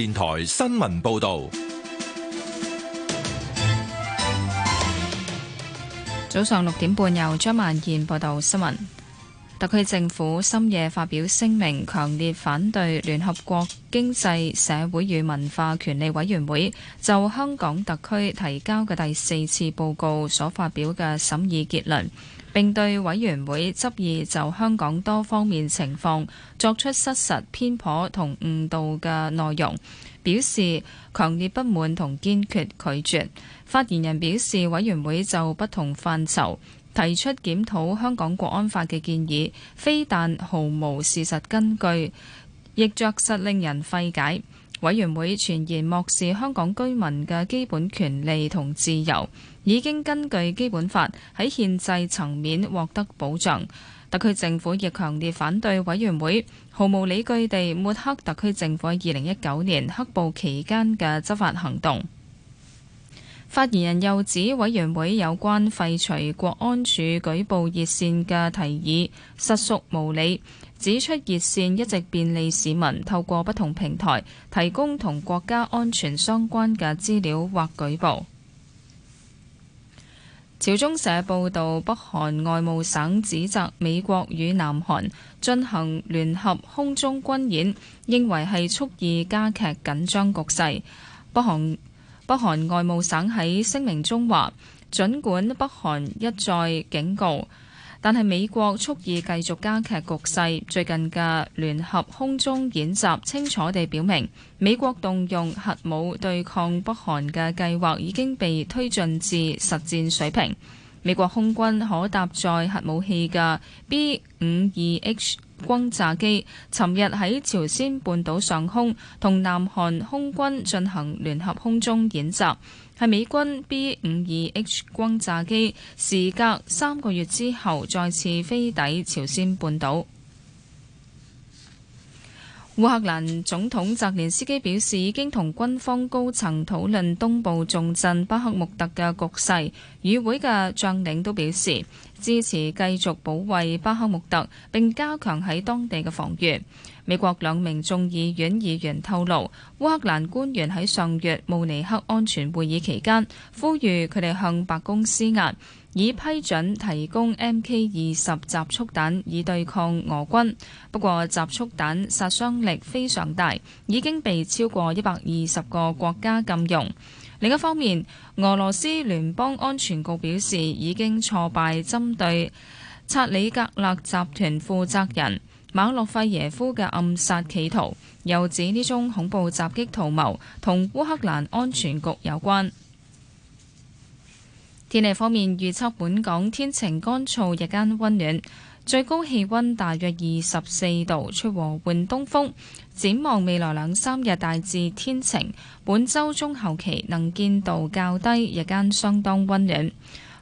電台新聞報道，早上六點半由張曼燕報道新聞。特區政府深夜發表聲明，強烈反對聯合國經濟、社會與文化權利委員會就香港特區提交嘅第四次報告所發表嘅審議結論，並對委員會執意就香港多方面情況作出失實、偏頗同誤導嘅內容表示強烈不滿同堅決拒絕。發言人表示，委員會就不同範疇，提出檢討香港國安法嘅建議，非但毫無事實根據，亦著實令人費解。委員會全然漠視香港居民嘅基本權利同自由，已經根據基本法喺憲制層面獲得保障。特區政府亦強烈反對委員會毫無理據地抹黑特區政府喺二零一九年黑暴期間嘅執法行動。發言人又指，委員會有關廢除國安處舉報熱線嘅提議實屬無理，指出熱線一直便利市民透過不同平台提供同國家安全相關嘅資料或舉報。朝中社報道，北韓外務省指責美國與南韓進行聯合空中軍演，認為係蓄意加劇緊張局勢。北韓。北韓外務省喺聲明中話，儘管北韓一再警告，但係美國蓄意繼續加劇局勢。最近嘅聯合空中演習清楚地表明，美國動用核武對抗北韓嘅計劃已經被推進至實戰水平。美國空軍可搭載核武器嘅 B 五二 H。轟炸機尋日喺朝鮮半島上空同南韓空軍進行聯合空中演習，係美軍 B 五二 H 轟炸機，時隔三個月之後再次飛抵朝鮮半島。烏克蘭總統澤連斯基表示，已經同軍方高層討論東部重鎮巴克穆特嘅局勢。與會嘅將領都表示，支持繼續保衛巴克穆特並加強喺當地嘅防禦。美國兩名眾議院議員透露，烏克蘭官員喺上月慕尼黑安全會議期間，呼籲佢哋向白宮施壓，以批准提供 MK 二十集束彈以對抗俄軍。不過，集束彈殺傷力非常大，已經被超過一百二十個國家禁用。另一方面，俄羅斯聯邦安全局表示已經挫敗針對察里格勒集團負責人馬洛費耶夫嘅暗殺企圖，又指呢宗恐怖襲擊圖謀同烏克蘭安全局有關。天氣方面，預測本港天晴乾燥，日間温暖。最高氣溫大約二十四度，吹和緩東風。展望未來兩三日大致天晴，本周中後期能見度較低，日間相當溫暖。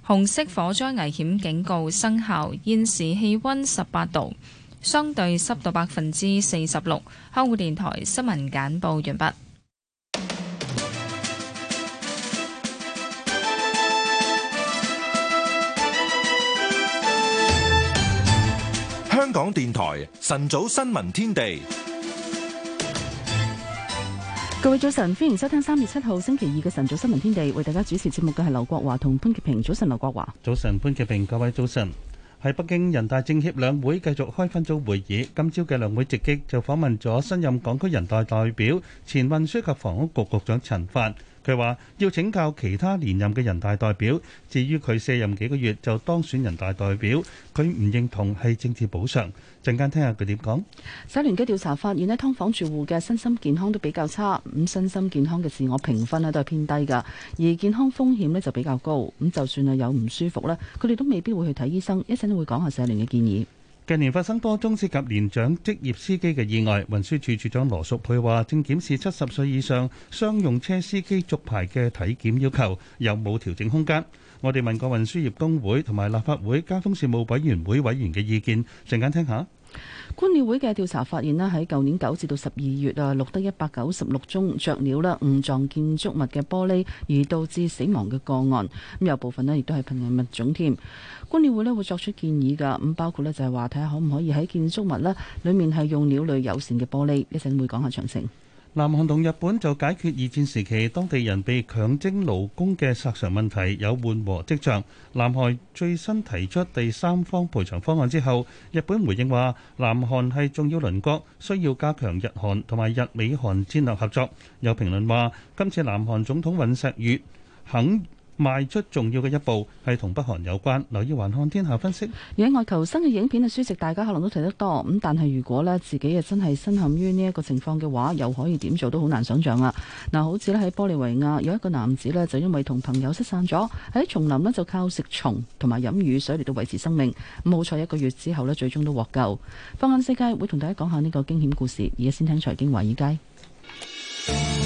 紅色火災危險警告生效，現時氣溫十八度，相對濕度百分之四十六。香港電台新聞簡報完畢。港電台晨早新聞天地，各位早晨，歡迎收聽三月七號星期二嘅晨早新聞天地。為大家主持節目嘅係劉國華同潘潔平。早晨，劉國華，早晨，潘潔平。各位早晨，喺北京人大政協兩會繼續開分組會議。今朝嘅兩會直擊就訪問咗新任港區人大代表、前運輸及房屋局局長陳帆。佢話要請教其他連任嘅人大代表。至於佢卸任幾個月就當選人大代表，佢唔認同係政治補償。陣間聽下佢點講。社聯嘅調查發現呢，劏房住戶嘅身心健康都比較差，咁身心健康嘅自我評分咧都係偏低嘅，而健康風險呢就比較高。咁就算係有唔舒服咧，佢哋都未必會去睇醫生。一陣都會講下社聯嘅建議。近年發生多宗涉及年長職業司機嘅意外，運輸處處長羅淑佩話：正檢視七十歲以上商用車司機續牌嘅體檢要求有冇調整空間。我哋問過運輸業工會同埋立法會交通事務委員會委員嘅意見，陣間聽下。觀鳥會嘅調查發現咧，喺舊年九至到十二月啊，錄得一百九十六宗雀鳥啦誤撞建築物嘅玻璃而導致死亡嘅個案，咁有部分呢亦都係瀕危物種添。觀鳥會咧會作出建議㗎，咁包括咧就係話睇下可唔可以喺建築物咧裡面係用鳥類友善嘅玻璃。一陣會講下詳情。南韓同日本就解決二戰時期當地人被強徵勞工嘅索償問題有緩和跡象。南韓最新提出第三方賠償方案之後，日本回應話南韓係重要鄰國，需要加強日韓同埋日美韓戰略合作。有評論話今次南韓總統尹錫悅肯邁出重要嘅一步，係同北韓有關。留意環看天下分析。而喺外求生嘅影片嘅書籍，大家可能都睇得多。咁但係如果咧自己嘅真係身陷於呢一個情況嘅話，又可以點做都好難想象啊！嗱，好似咧喺玻利維亞有一個男子咧就因為同朋友失散咗，喺叢林咧就靠食蟲同埋飲雨水嚟，到維持生命。咁好彩一個月之後咧最終都獲救。放眼世界，會同大家講下呢個驚險故事。而家先聽財經華爾街。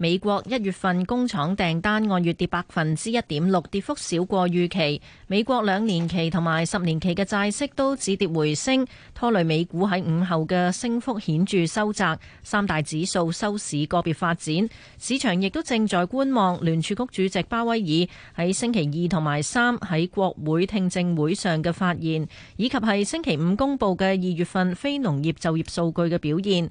美國一月份工廠訂單按月跌百分之一點六，跌幅少過預期。美國兩年期同埋十年期嘅債息都止跌回升，拖累美股喺午後嘅升幅顯著收窄。三大指數收市個別發展，市場亦都正在觀望聯儲局主席巴威爾喺星期二同埋三喺國會聽證會上嘅發言，以及係星期五公佈嘅二月份非農業就業數據嘅表現。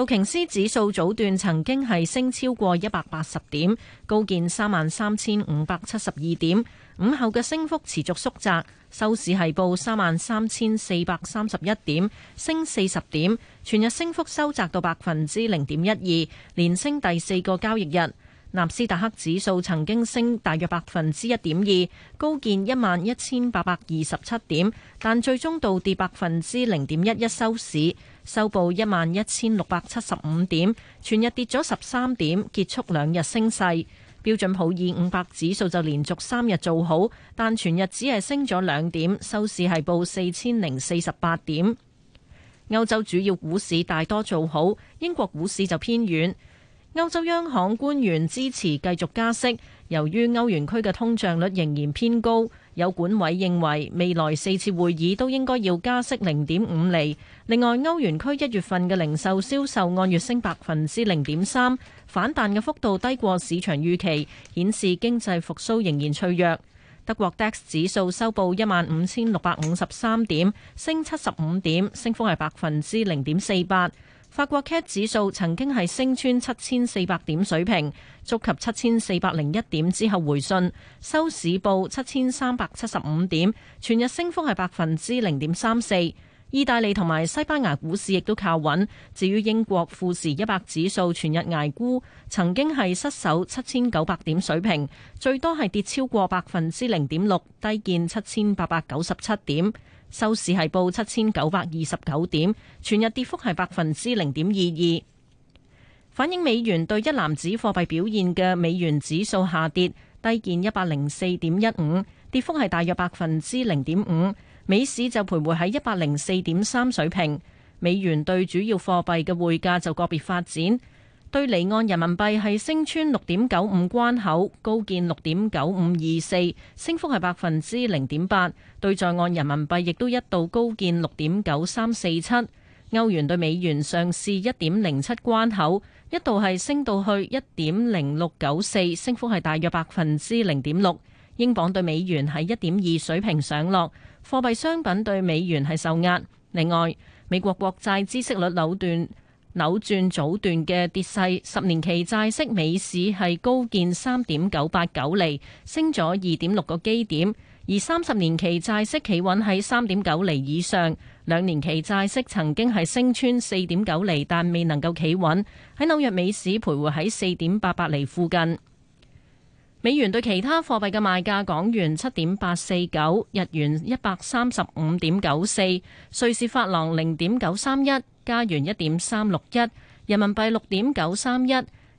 道瓊斯指數早段曾經係升超過一百八十點，高見三萬三千五百七十二點。午後嘅升幅持續縮窄，收市係報三萬三千四百三十一點，升四十點，全日升幅收窄到百分之零點一二，連升第四個交易日。納斯達克指數曾經升大約百分之一點二，高見一萬一千八百二十七點，但最終倒跌百分之零點一一收市。收報一萬一千六百七十五點，全日跌咗十三點，結束兩日升勢。標準普爾五百指數就連續三日做好，但全日只係升咗兩點，收市係報四千零四十八點。歐洲主要股市大多做好，英國股市就偏軟。歐洲央行官員支持繼續加息，由於歐元區嘅通脹率仍然偏高。有管委認為，未來四次會議都應該要加息零點五厘。另外，歐元區一月份嘅零售銷售按月升百分之零點三，反彈嘅幅度低過市場預期，顯示經濟復蘇仍然脆弱。德國 DAX 指數收報一萬五千六百五十三點，升七十五點，升幅係百分之零點四八。法國 CAC 指數曾經係升穿七千四百點水平，觸及七千四百零一點之後回順，收市報七千三百七十五點，全日升幅係百分之零點三四。意大利同埋西班牙股市亦都靠穩。至於英國富時一百指數全日捱沽，曾經係失守七千九百點水平，最多係跌超過百分之零點六，低見七千八百九十七點。收市係報七千九百二十九點，全日跌幅係百分之零點二二。反映美元對一籃子貨幣表現嘅美元指數下跌，低見一百零四點一五，跌幅係大約百分之零點五。美市就徘徊喺一百零四點三水平。美元對主要貨幣嘅匯價就個別發展。對離岸人民幣係升穿六點九五關口，高見六點九五二四，升幅係百分之零點八。對在岸人民幣亦都一度高見六點九三四七。歐元對美元上試一點零七關口，一度係升到去一點零六九四，升幅係大約百分之零點六。英鎊對美元係一點二水平上落，貨幣商品對美元係受壓。另外，美國國債孳息率扭斷。扭轉早段嘅跌勢，十年期債息美市係高見三點九八九厘，升咗二點六個基點；而三十年期債息企穩喺三點九厘以上，兩年期債息曾經係升穿四點九厘，但未能夠企穩。喺紐約美市徘徊喺四點八八厘附近。美元對其他貨幣嘅賣價：港元七點八四九，日元一百三十五點九四，瑞士法郎零點九三一，加元一點三六一，人民幣六點九三一，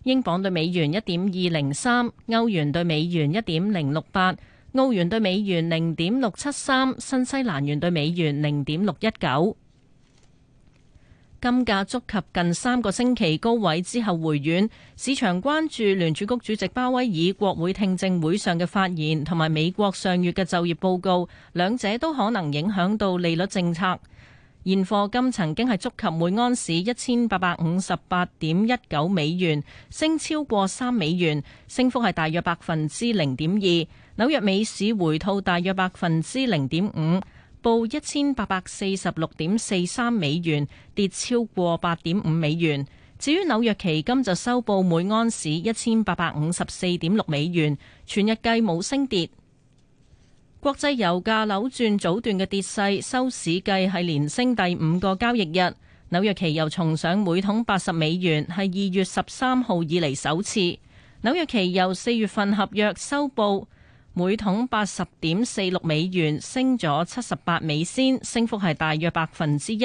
英鎊對美元一點二零三，歐元對美元一點零六八，澳元對美元零點六七三，新西蘭元對美元零點六一九。金價觸及近三個星期高位之後回軟，市場關注聯儲局主席鮑威爾國會聽證會上嘅發言，同埋美國上月嘅就業報告，兩者都可能影響到利率政策。現貨金曾經係觸及每安士一千八百五十八點一九美元，升超過三美元，升幅係大約百分之零點二。紐約美市回吐大約百分之零點五，報一千八百四十六點四三美元，跌超過八點五美元。至於紐約期金就收報每安士一千八百五十四點六美元，全日計冇升跌。國際油價扭轉早段嘅跌勢，收市計係連升第五個交易日。紐約期油重上每桶八十美元，係二月十三號以嚟首次。紐約期油四月份合約收報每桶八十點四六美元，升咗七十八美仙，升幅係大約百分之一，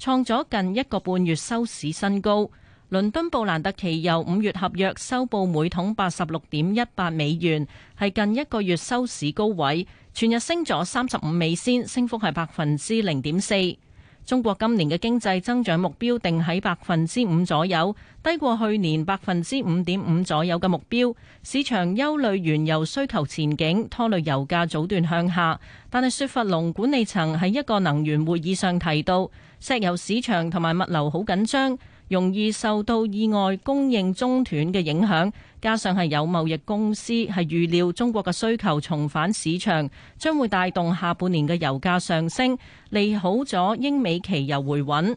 創咗近一個半月收市新高。倫敦布蘭特期油五月合約收報每桶八十六點一八美元，係近一個月收市高位。全日升咗三十五美仙，升幅係百分之零點四。中國今年嘅經濟增長目標定喺百分之五左右，低過去年百分之五點五左右嘅目標。市場憂慮原油需求前景拖累油價早段向下，但係雪佛龍管理層喺一個能源會議上提到，石油市場同埋物流好緊張，容易受到意外供應中斷嘅影響。加上係有貿易公司係預料中國嘅需求重返市場，將會帶動下半年嘅油價上升，利好咗英美期油回穩。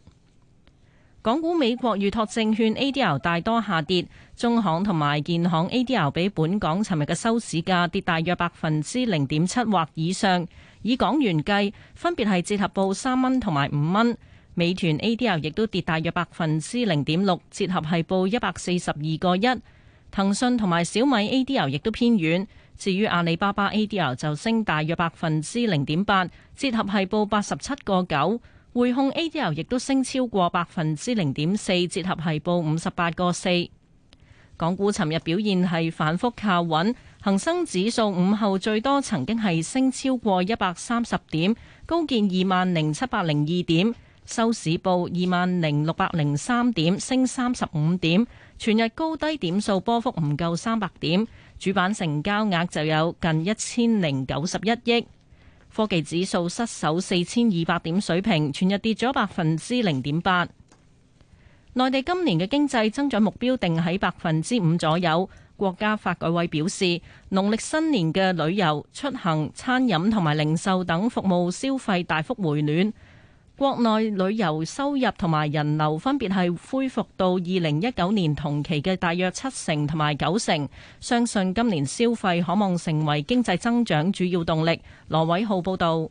港股美國預託證券 ADR 大多下跌，中行同埋建行 ADR 比本港尋日嘅收市價跌大約百分之零點七或以上，以港元計分別係折合報三蚊同埋五蚊。美團 ADR 亦都跌大約百分之零點六，折合係報一百四十二個一。騰訊同埋小米 A.D.O. 亦都偏軟，至於阿里巴巴 A.D.O. 就升大約百分之零點八，折合係報八十七個九。匯控 A.D.O. 亦都升超過百分之零點四，折合係報五十八個四。港股尋日表現係反覆靠穩，恒生指數午後最多曾經係升超過一百三十點，高見二萬零七百零二點，收市報二萬零六百零三點，升三十五點。全日高低點數波幅唔夠三百點，主板成交額就有近一千零九十一億。科技指數失守四千二百點水平，全日跌咗百分之零點八。內地今年嘅經濟增長目標定喺百分之五左右。國家發改委表示，農曆新年嘅旅遊、出行、餐飲同埋零售等服務消費大幅回暖。國內旅遊收入同埋人流分別係恢復到二零一九年同期嘅大約七成同埋九成，相信今年消費可望成為經濟增長主要動力。羅偉浩報導。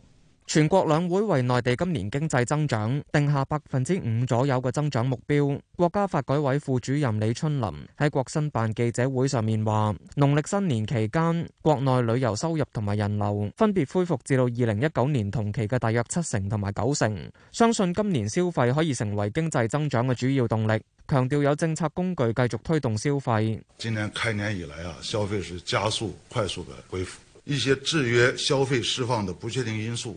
全國兩會為內地今年經濟增長定下百分之五左右嘅增長目標。國家發改委副主任李春林喺國新辦記者會上面話，農曆新年期間，國內旅遊收入同埋人流分別恢復至到二零一九年同期嘅大約七成同埋九成。相信今年消費可以成為經濟增長嘅主要動力，強調有政策工具繼續推動消費。今年開年以來啊，消費是加速快速嘅恢復，一些制約消費釋放嘅不確定因素。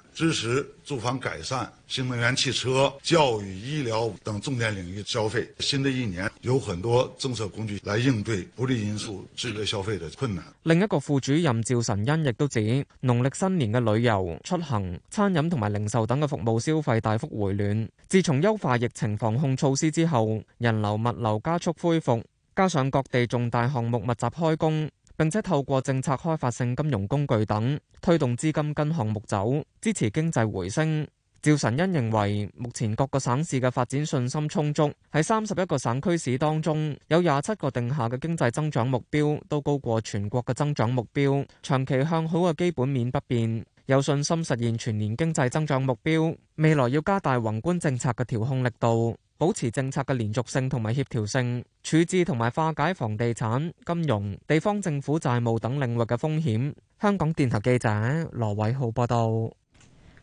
支持住房改善、新能源汽車、教育、醫療等重點領域消費。新的一年有很多政策工具來應對不利因素制約消費的困難。另一個副主任趙晨恩亦都指，農曆新年嘅旅遊、出行、餐飲同埋零售等嘅服務消費大幅回暖。自從優化疫情防控措施之後，人流物流加速恢復，加上各地重大項目密集開工。並且透過政策開發性金融工具等推動資金跟項目走，支持經濟回升。趙晨恩認為，目前各個省市嘅發展信心充足，喺三十一個省區市當中，有廿七個定下嘅經濟增長目標都高過全國嘅增長目標，長期向好嘅基本面不變。有信心實現全年經濟增長目標，未來要加大宏觀政策嘅調控力度，保持政策嘅連續性同埋協調性，處置同埋化解房地產、金融、地方政府債務等領域嘅風險。香港電台記者羅偉浩報道。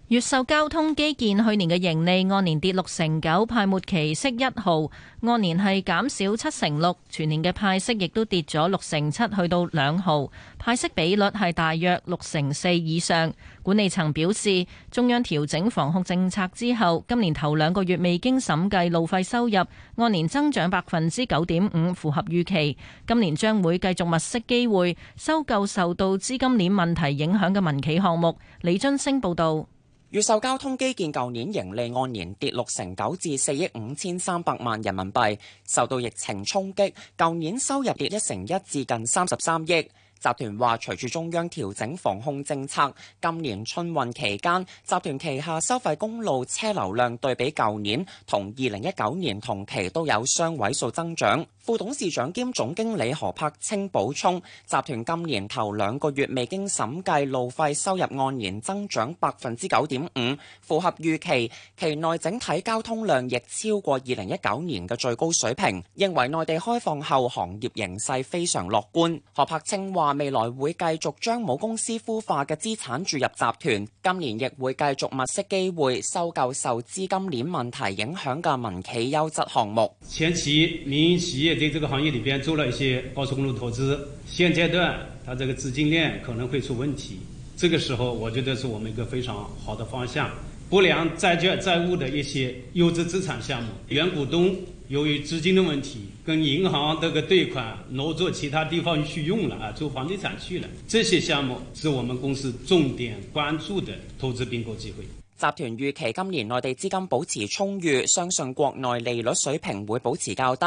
越秀交通基建去年嘅盈利按年跌六成九，派末期息一毫，按年係減少七成六。全年嘅派息亦都跌咗六成七，去到兩毫。派息比率係大約六成四以上。管理層表示，中央調整防控政策之後，今年頭兩個月未經審計路費收入按年增長百分之九點五，符合預期。今年將會繼續物色機會，收購受到資金鏈問題影響嘅民企項目。李津升報道。越秀交通基建舊年盈利按年跌六成九，至四億五千三百萬人民幣，受到疫情衝擊，舊年收入跌一成一，至近三十三億。集團話，隨住中央調整防控政策，今年春運期間，集團旗下收費公路車流量對比舊年同二零一九年同期都有雙位數增長。副董事長兼總經理何柏清補充，集團今年頭兩個月未經審計路費收入按年增長百分之九點五，符合預期。期內整體交通量亦超過二零一九年嘅最高水平，認為內地開放後行業形勢非常樂觀。何柏清話。話未來會繼續將母公司孵化嘅資產注入集團，今年亦會繼續物色機會，收購受資金鏈問題影響嘅民企優質項目。前期民營企業在這個行業裏邊做了一些高速公路投資，現階段它這個資金鏈可能會出問題，這個時候我覺得是我們一個非常好的方向。不良債券債，債務的一些優質資產項目，原股東。由於資金的問題，跟銀行這個貸款挪作其他地方去用了啊，做房地產去了。這些項目是我們公司重點關注的投資併購機會。集團預期今年內地資金保持充裕，相信國內利率水平會保持較低，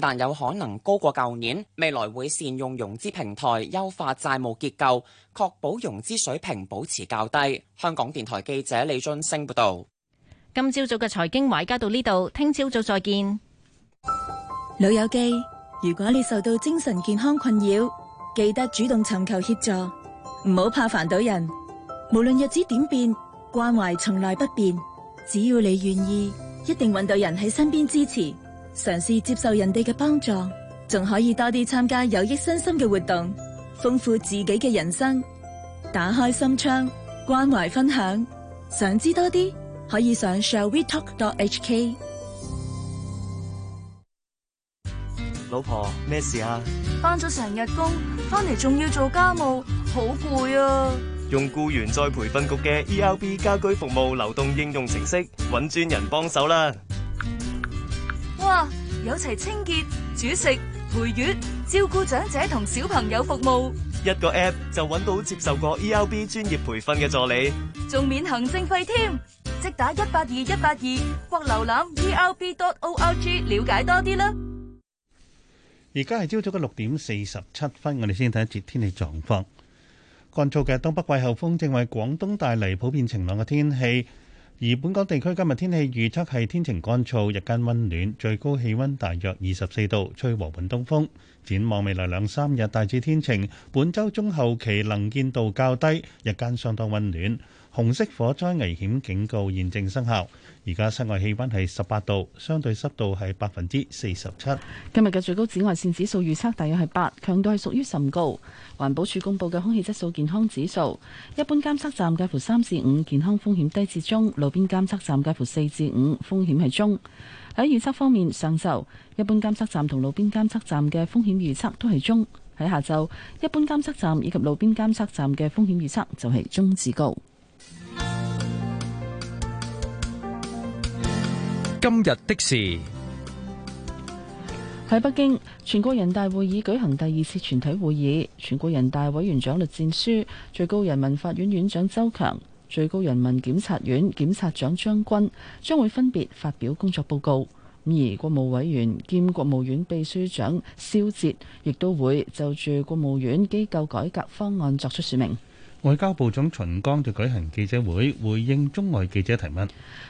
但有可能高過舊年。未來會善用融資平台，優化債務結構，確保融資水平保持較低。香港電台記者李俊升報道。今朝早嘅財經話家到呢度，聽朝早，早再見。老友記，如果你受到精神健康困擾，記得主動尋求協助，唔好怕煩到人。無論日子點變，關懷從來不變。只要你願意，一定揾到人喺身邊支持。嘗試接受人哋嘅幫助，仲可以多啲參加有益身心嘅活動，豐富自己嘅人生。打開心窗，關懷分享，想知多啲，可以上 Shall We Talk .hk。老婆，咩事啊？返咗成日工，返嚟仲要做家務，好攰啊！用雇員再培訓局嘅 E R B 家居服務流動應用程式，揾專人幫手啦！哇，有齊清潔、煮食、陪月、照顧長者同小朋友服務，一個 app 就揾到接受過 E R B 專業培訓嘅助理，仲免行政費添。即打一八二一八二或瀏覽 E R B dot org 了解多啲啦。而家係朝早嘅六點四十七分，我哋先睇一節天氣狀況。乾燥嘅東北季候風正為廣東帶嚟普遍晴朗嘅天氣，而本港地區今日天氣預測係天晴乾燥，日間温暖，最高氣温大約二十四度，吹和緩東風。展望未來兩三日大致天晴，本周中後期能見度較低，日間相當温暖。紅色火災危險警告現正生效。而家室外氣溫係十八度，相對濕度係百分之四十七。今日嘅最高紫外線指數預測大約係八，強度係屬於甚高。環保署公布嘅空氣質素健康指數，一般監測站介乎三至五，健康風險低至中；路邊監測站介乎四至五，風險係中。喺預測方面，上晝一般監測站同路邊監測站嘅風險預測都係中；喺下晝一般監測站以及路邊監測站嘅風險預測就係中至高。今日的事喺北京，全國人大會議舉行第二次全體會議。全國人大委員長栗戰書、最高人民法院院長周強、最高人民檢察院檢察長張軍將會分別發表工作報告。而國務委員兼國務院秘書長肖捷亦都會就住國務院機構改革方案作出說明。外交部長秦剛就舉行記者會回應中外記者提問。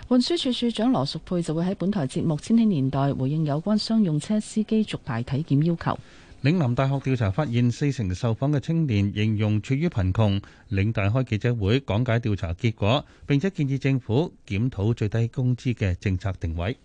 運輸署署長羅淑佩就會喺本台節目《千禧年代》回應有關商用車司機續牌體檢要求。嶺南大學調查發現四成受訪嘅青年形容處於貧窮。嶺大開記者會講解調查結果，並且建議政府檢討最低工資嘅政策定位。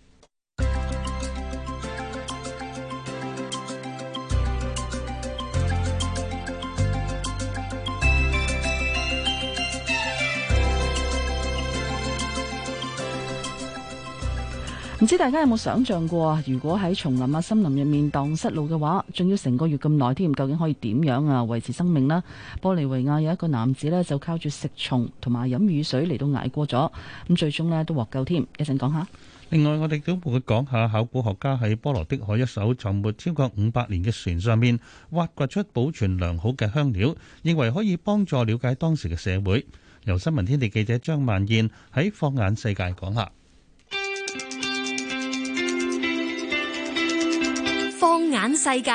唔知大家有冇想象過啊？如果喺叢林啊、森林入面蕩失路嘅話，仲要成個月咁耐添，究竟可以點樣啊維持生命呢？玻利維亞有一個男子呢，就靠住食蟲同埋飲雨水嚟到捱過咗，咁最終呢都獲救添。一陣講下。另外，我哋都會講下考古學家喺波羅的海一艘沉沒超過五百年嘅船上面，挖掘出保存良好嘅香料，認為可以幫助了解當時嘅社會。由新聞天地記者張萬燕喺放眼世界講下。眼世界，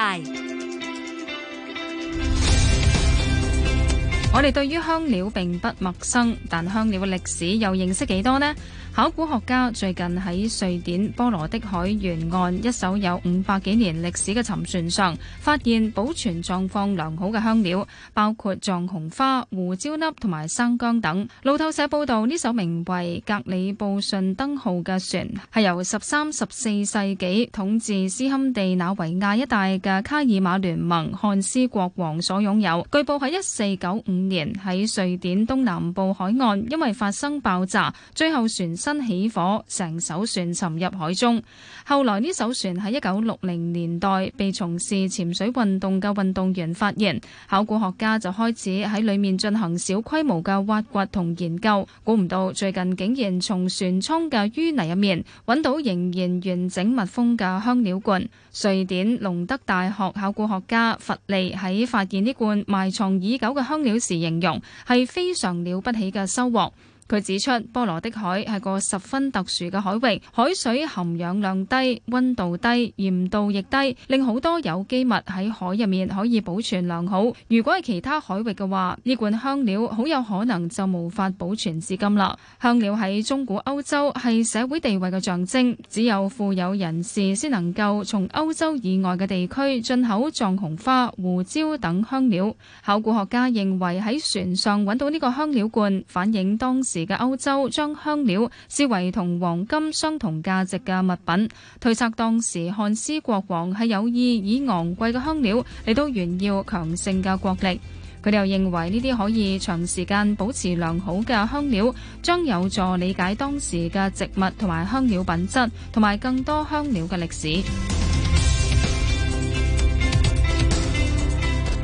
我哋對於香料並不陌生，但香料嘅歷史又認識幾多呢？考古學家最近喺瑞典波羅的海沿岸一艘有五百幾年歷史嘅沉船上，發現保存狀況良好嘅香料，包括藏紅花、胡椒粒同埋生薑等。路透社報道，呢艘名為格里布遜登號嘅船，係由十三、十四世紀統治斯堪地那維亞一帶嘅卡爾馬聯盟漢斯國王所擁有。據報喺一四九五年喺瑞典東南部海岸，因為發生爆炸，最後船身起火，成艘船沉入海中。後來呢艘船喺一九六零年代被從事潛水運動嘅運動員發現，考古學家就開始喺裏面進行小規模嘅挖掘同研究。估唔到最近竟然從船艙嘅淤泥入面揾到仍然完整密封嘅香料罐。瑞典隆德大學考古學家弗利喺發現呢罐埋藏已久嘅香料時，形容係非常了不起嘅收穫。佢指出，波羅的海係個十分特殊嘅海域，海水含氧量低、溫度低、鹽度亦低，令好多有機物喺海入面可以保存良好。如果係其他海域嘅話，呢罐香料好有可能就無法保存至今啦。香料喺中古歐洲係社會地位嘅象徵，只有富有人士先能夠從歐洲以外嘅地區進口藏紅花、胡椒等香料。考古學家認為喺船上揾到呢個香料罐，反映當時。時嘅歐洲將香料視為同黃金相同價值嘅物品，推測當時漢斯國王係有意以昂貴嘅香料嚟到炫耀強盛嘅國力。佢哋又認為呢啲可以長時間保持良好嘅香料，將有助理解當時嘅植物同埋香料品質，同埋更多香料嘅歷史。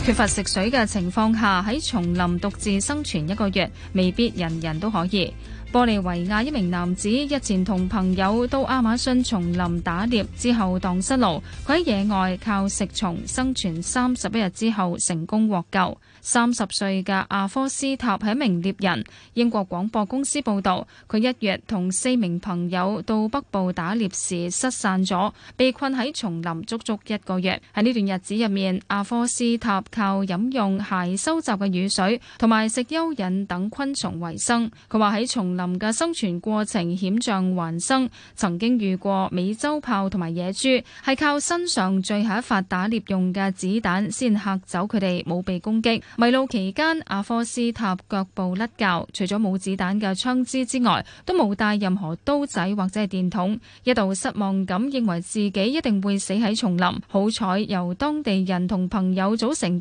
缺乏食水嘅情況下，喺叢林獨自生存一個月，未必人人都可以。玻利維亞一名男子日前同朋友到亞馬遜叢林打獵之後蕩失路，佢喺野外靠食蟲生存三十一日之後成功獲救。三十歲嘅阿科斯塔係一名獵人。英國廣播公司報道，佢一月同四名朋友到北部打獵時失散咗，被困喺叢林足足一個月。喺呢段日子入面，阿科斯塔，靠飲用鞋收集嘅雨水同埋食蚯蚓等昆蟲為生。佢話喺叢林嘅生存過程險象環生，曾經遇過美洲豹同埋野豬，係靠身上最後一發打獵用嘅子彈先嚇走佢哋，冇被攻擊。迷路期間，阿科斯塔腳步甩教，除咗冇子彈嘅槍支之外，都冇帶任何刀仔或者係電筒，一度失望咁認為自己一定會死喺叢林。好彩由當地人同朋友組成。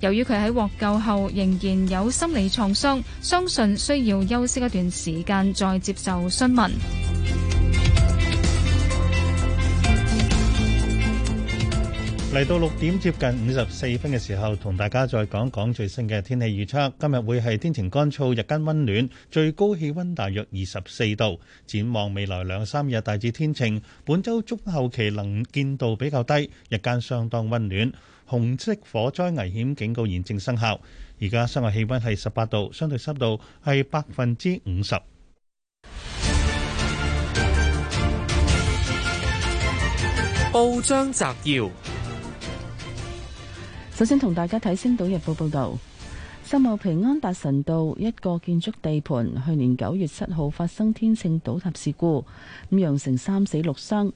由於佢喺獲救後仍然有心理創傷，相信需要休息一段時間再接受詢問。嚟到六點接近五十四分嘅時候，同大家再講講最新嘅天氣預測。今日會係天晴乾燥，日間温暖，最高氣温大約二十四度。展望未來兩三日大致天晴，本周中後期能見度比較低，日間相當温暖。紅色火災危險警告現正生效，而家室外氣溫係十八度，相對濕度係百分之五十。報章摘要：首先同大家睇《星島日報》報道，秀茂坪安達臣道一個建築地盤去年九月七號發生天秤倒塌事故，咁釀成三死六傷。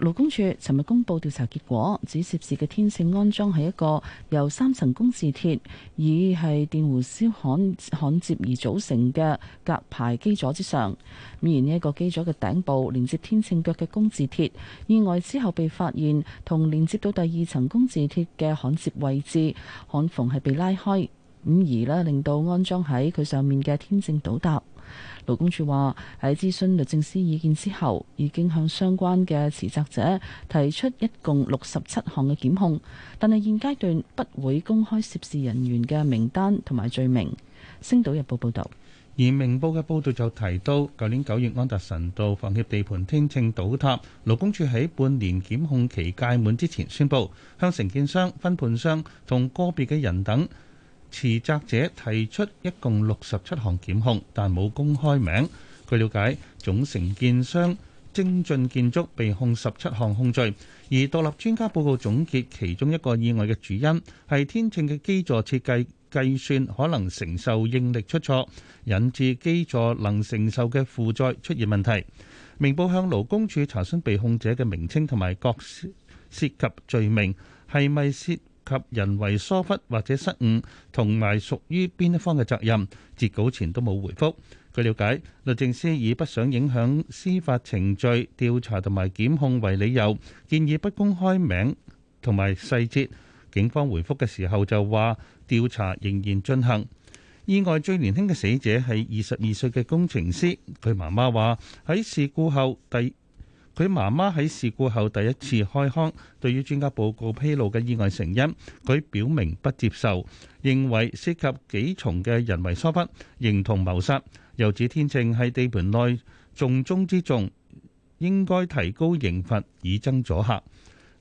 勞工處尋日公布調查結果，指涉事嘅天秤安裝喺一個由三層工字鐵以係電弧燒焊焊接而組成嘅隔排基座之上。而呢一個基座嘅頂部連接天秤腳嘅工字鐵，意外之後被發現同連接到第二層工字鐵嘅焊接位置焊縫係被拉開，咁而呢令到安裝喺佢上面嘅天秤倒塌。勞工處話喺諮詢律政司意見之後，已經向相關嘅辭責者提出一共六十七項嘅檢控，但係現階段不會公開涉事人員嘅名單同埋罪名。星島日報報道，而明報嘅報道就提到，舊年九月安達臣道房協地盤天秤倒塌，勞工處喺半年檢控期屆滿之前宣布，向承建商、分判商同個別嘅人等。持責者提出一共六十七項檢控，但冇公開名。據了解，總承建商精進建築被控十七項控罪，而獨立專家報告總結其中一個意外嘅主因係天秤嘅基座設計計算可能承受應力出錯，引致基座能承受嘅負載出現問題。明報向勞工處查詢被控者嘅名稱同埋各涉及罪名係咪涉及人為疏忽或者失誤，同埋屬於邊一方嘅責任，截稿前都冇回覆。據了解，律政司以不想影響司法程序、調查同埋檢控為理由，建議不公開名同埋細節。警方回覆嘅時候就話，調查仍然進行。意外最年輕嘅死者係二十二歲嘅工程師，佢媽媽話喺事故後第。佢媽媽喺事故後第一次開腔，對於專家報告披露嘅意外成因，佢表明不接受，認為涉及幾重嘅人為疏忽，形同謀殺，又指天秤係地盤內重中之重，應該提高刑罰以增阻嚇。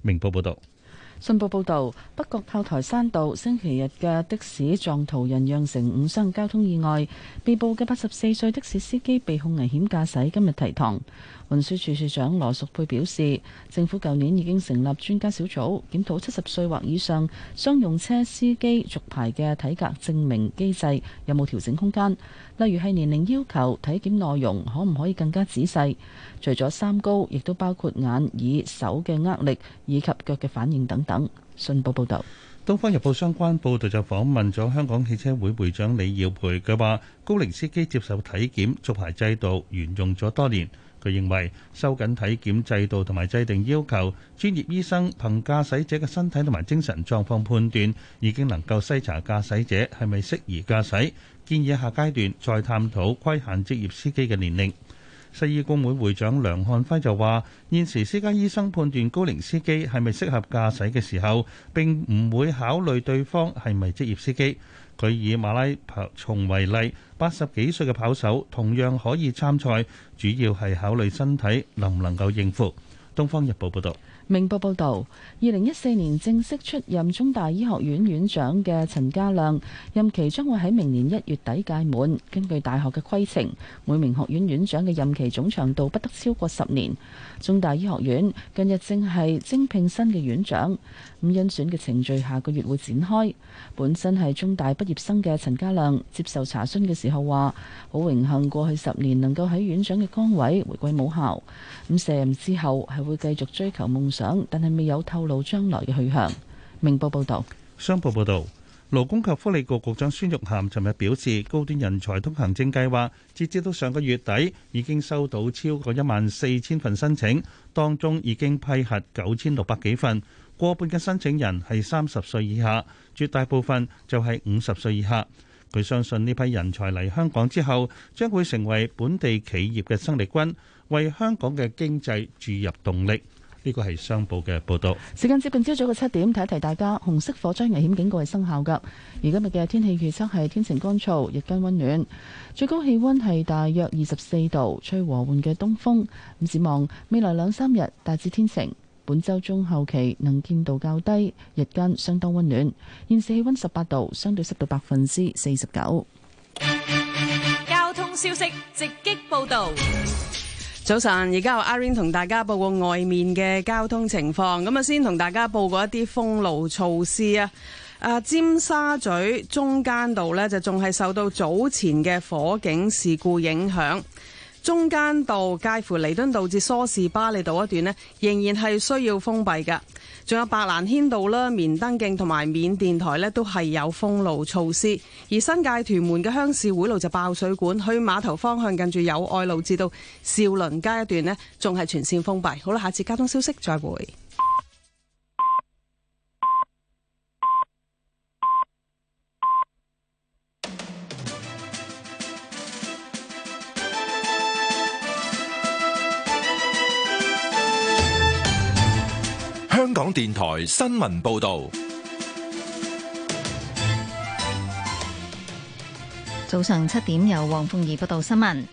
明報報道：「信報報道，北角炮台山道星期日嘅的，的士撞途人，釀成五傷交通意外，被捕嘅八十四歲的士司機被控危險駕駛，今日提堂。運輸署署長羅淑佩表示，政府舊年已經成立專家小組檢討七十歲或以上商用車司機續牌嘅體格證明機制有冇調整空間，例如係年齡要求、體檢內容，可唔可以更加仔細？除咗三高，亦都包括眼、耳、手嘅握力以及腳嘅反應等等。信報報道，《東方日報》相關報道就訪問咗香港汽車會會長李耀培，佢話高齡司機接受體檢續牌制度沿用咗多年。佢認為收緊體檢制度同埋制定要求，專業醫生憑駕駛者嘅身體同埋精神狀況判斷，已經能夠篩查駕駛者係咪適宜駕駛。建議下階段再探討規限職業司機嘅年齡。西醫工會會長梁漢輝就話：現時私家醫生判斷高齡司機係咪適合駕駛嘅時候，並唔會考慮對方係咪職業司機。佢以馬拉松為例，八十幾歲嘅跑手同樣可以參賽，主要係考慮身體能唔能夠應付。《東方日報》報道。明報報道，二零一四年正式出任中大醫學院院長嘅陳家亮，任期將會喺明年一月底屆滿。根據大學嘅規程，每名學院院長嘅任期總長度不得超過十年。中大醫學院近日正係徵聘新嘅院長，咁甄選嘅程序下個月會展開。本身係中大畢業生嘅陳家亮接受查詢嘅時候話：好榮幸過去十年能夠喺院長嘅崗位回歸母校。咁卸任之後係會繼續追求夢。但係未有透露將來嘅去向。明報報道，商報報導，勞工及福利局局，局長孫玉菡尋日表示，高端人才通行證計劃截至到上個月底，已經收到超過一萬四千份申請，當中已經批核九千六百幾份，過半嘅申請人係三十歲以下，絕大部分就係五十歲以下。佢相信呢批人才嚟香港之後，將會成為本地企業嘅生力軍，為香港嘅經濟注入動力。呢個係商報嘅報道。時間接近朝早嘅七點，提一提大家，紅色火災危險警告係生效㗎。而今日嘅天氣預測係天晴乾燥，日間溫暖，最高氣溫係大約二十四度，吹和緩嘅東風。咁展望未來兩三日，大致天晴。本周中後期能見度較低，日間相當溫暖。現時氣溫十八度，相對濕度百分之四十九。交通消息直擊報道。早晨，而家阿 Irene 同大家報告外面嘅交通情況，咁啊先同大家報過一啲封路措施啊。啊，尖沙咀中間道呢，就仲係受到早前嘅火警事故影響。中間道介乎彌敦道至梳士巴利道一段呢，仍然係需要封閉嘅。仲有白蘭軒道啦、棉登徑同埋緬甸台呢，都係有封路措施。而新界屯門嘅鄉事會路就爆水管，去碼頭方向近住友愛路至到兆麟街一段呢，仲係全線封閉。好啦，下次交通消息再會。香港電台新聞報道，早上七點由黃鳳儀報道新聞。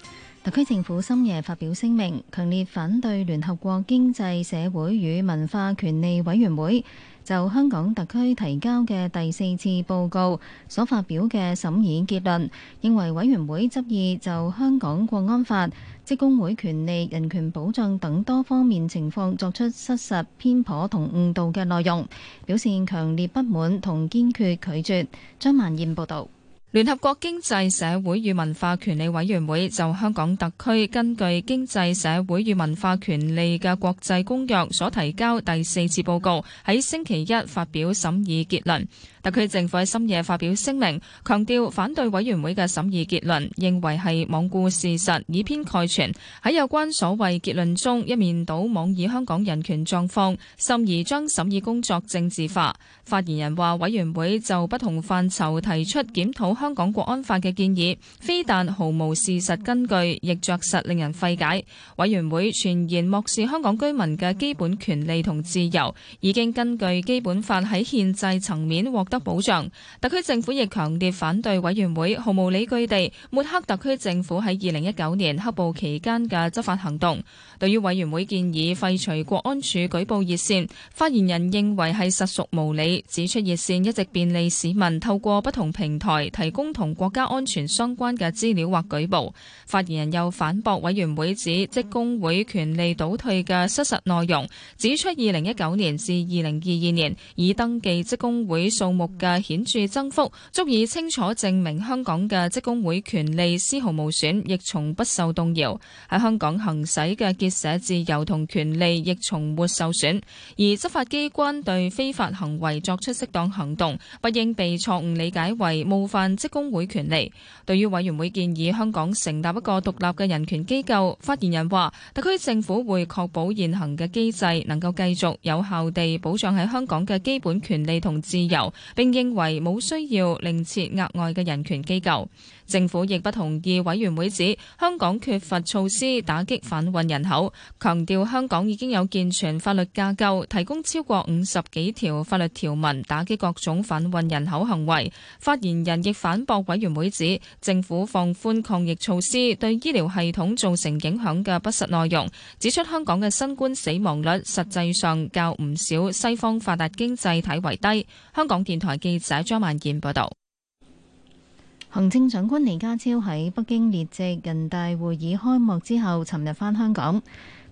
特區政府深夜發表聲明，強烈反對聯合國經濟社會與文化權利委員會。就香港特區提交嘅第四次報告所發表嘅審議結論，認為委員會執意就香港國安法、職工會權利、人權保障等多方面情況作出失實、偏頗同誤導嘅內容，表現強烈不滿同堅決拒絕。張萬燕報導。聯合國經濟社會與文化權利委員會就香港特區根據經濟社會與文化權利嘅國際公約所提交第四次報告，喺星期一發表審議結論。特區政府喺深夜發表聲明，強調反對委員會嘅審議結論，認為係罔顧事實、以偏概全。喺有關所謂結論中，一面倒妄議香港人權狀況，甚而將審議工作政治化。發言人話，委員會就不同範疇提出檢討香港國安法嘅建議，非但毫無事實根據，亦着實令人費解。委員會傳言漠視香港居民嘅基本權利同自由，已經根據基本法喺憲制層面獲得保障。特區政府亦強烈反對委員會毫無理據地抹黑特區政府喺二零一九年黑暴期間嘅執法行動。對於委員會建議廢除國安處舉報熱線，發言人認為係實屬無理。指出熱線一直便利市民透過不同平台提供同國家安全相關嘅資料或舉報。發言人又反駁委員會指職工會權利倒退嘅失實內容，指出二零一九年至二零二二年已登記職工會數目嘅顯著增幅，足以清楚證明香港嘅職工會權利絲毫無損，亦從不受動搖。喺香港行使嘅結社自由同權利亦從沒受損，而執法機關對非法行為作出適當行動，不應被錯誤理解為冒犯職工會權利。對於委員會建議香港成立一個獨立嘅人權機構，發言人話：特區政府會確保現行嘅機制能夠繼續有效地保障喺香港嘅基本權利同自由，並認為冇需要另設額外嘅人權機構。政府亦不同意委員會指香港缺乏措施打擊販運人口，強調香港已經有健全法律架構，提供超過五十幾條法律條文打擊各種販運人口行為。發言人亦反駁委員會指政府放寬抗疫措施對醫療系統造成影響嘅不實內容，指出香港嘅新冠死亡率實際上較唔少西方發達經濟體為低。香港電台記者張萬健報道。行政長官李家超喺北京列席人大會議開幕之後，尋日返香港。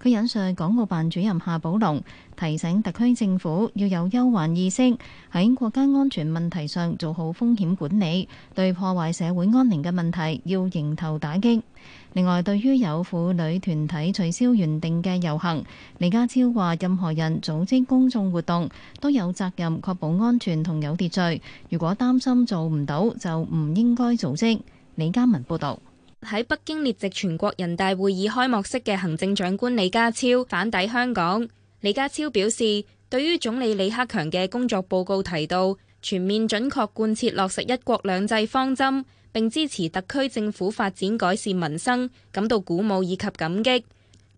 佢引述港澳辦主任夏寶龍，提醒特區政府要有憂患意識，喺國家安全問題上做好風險管理，對破壞社會安寧嘅問題要迎頭打擊。另外，對於有婦女團體取消原定嘅遊行，李家超話：任何人組織公眾活動都有責任確保安全同有秩序。如果擔心做唔到，就唔應該組織。李家文報導。喺北京列席全國人大會議開幕式嘅行政長官李家超返抵香港。李家超表示，對於總理李克強嘅工作報告提到全面準確貫徹落實一國兩制方針。並支持特區政府發展改善民生，感到鼓舞以及感激。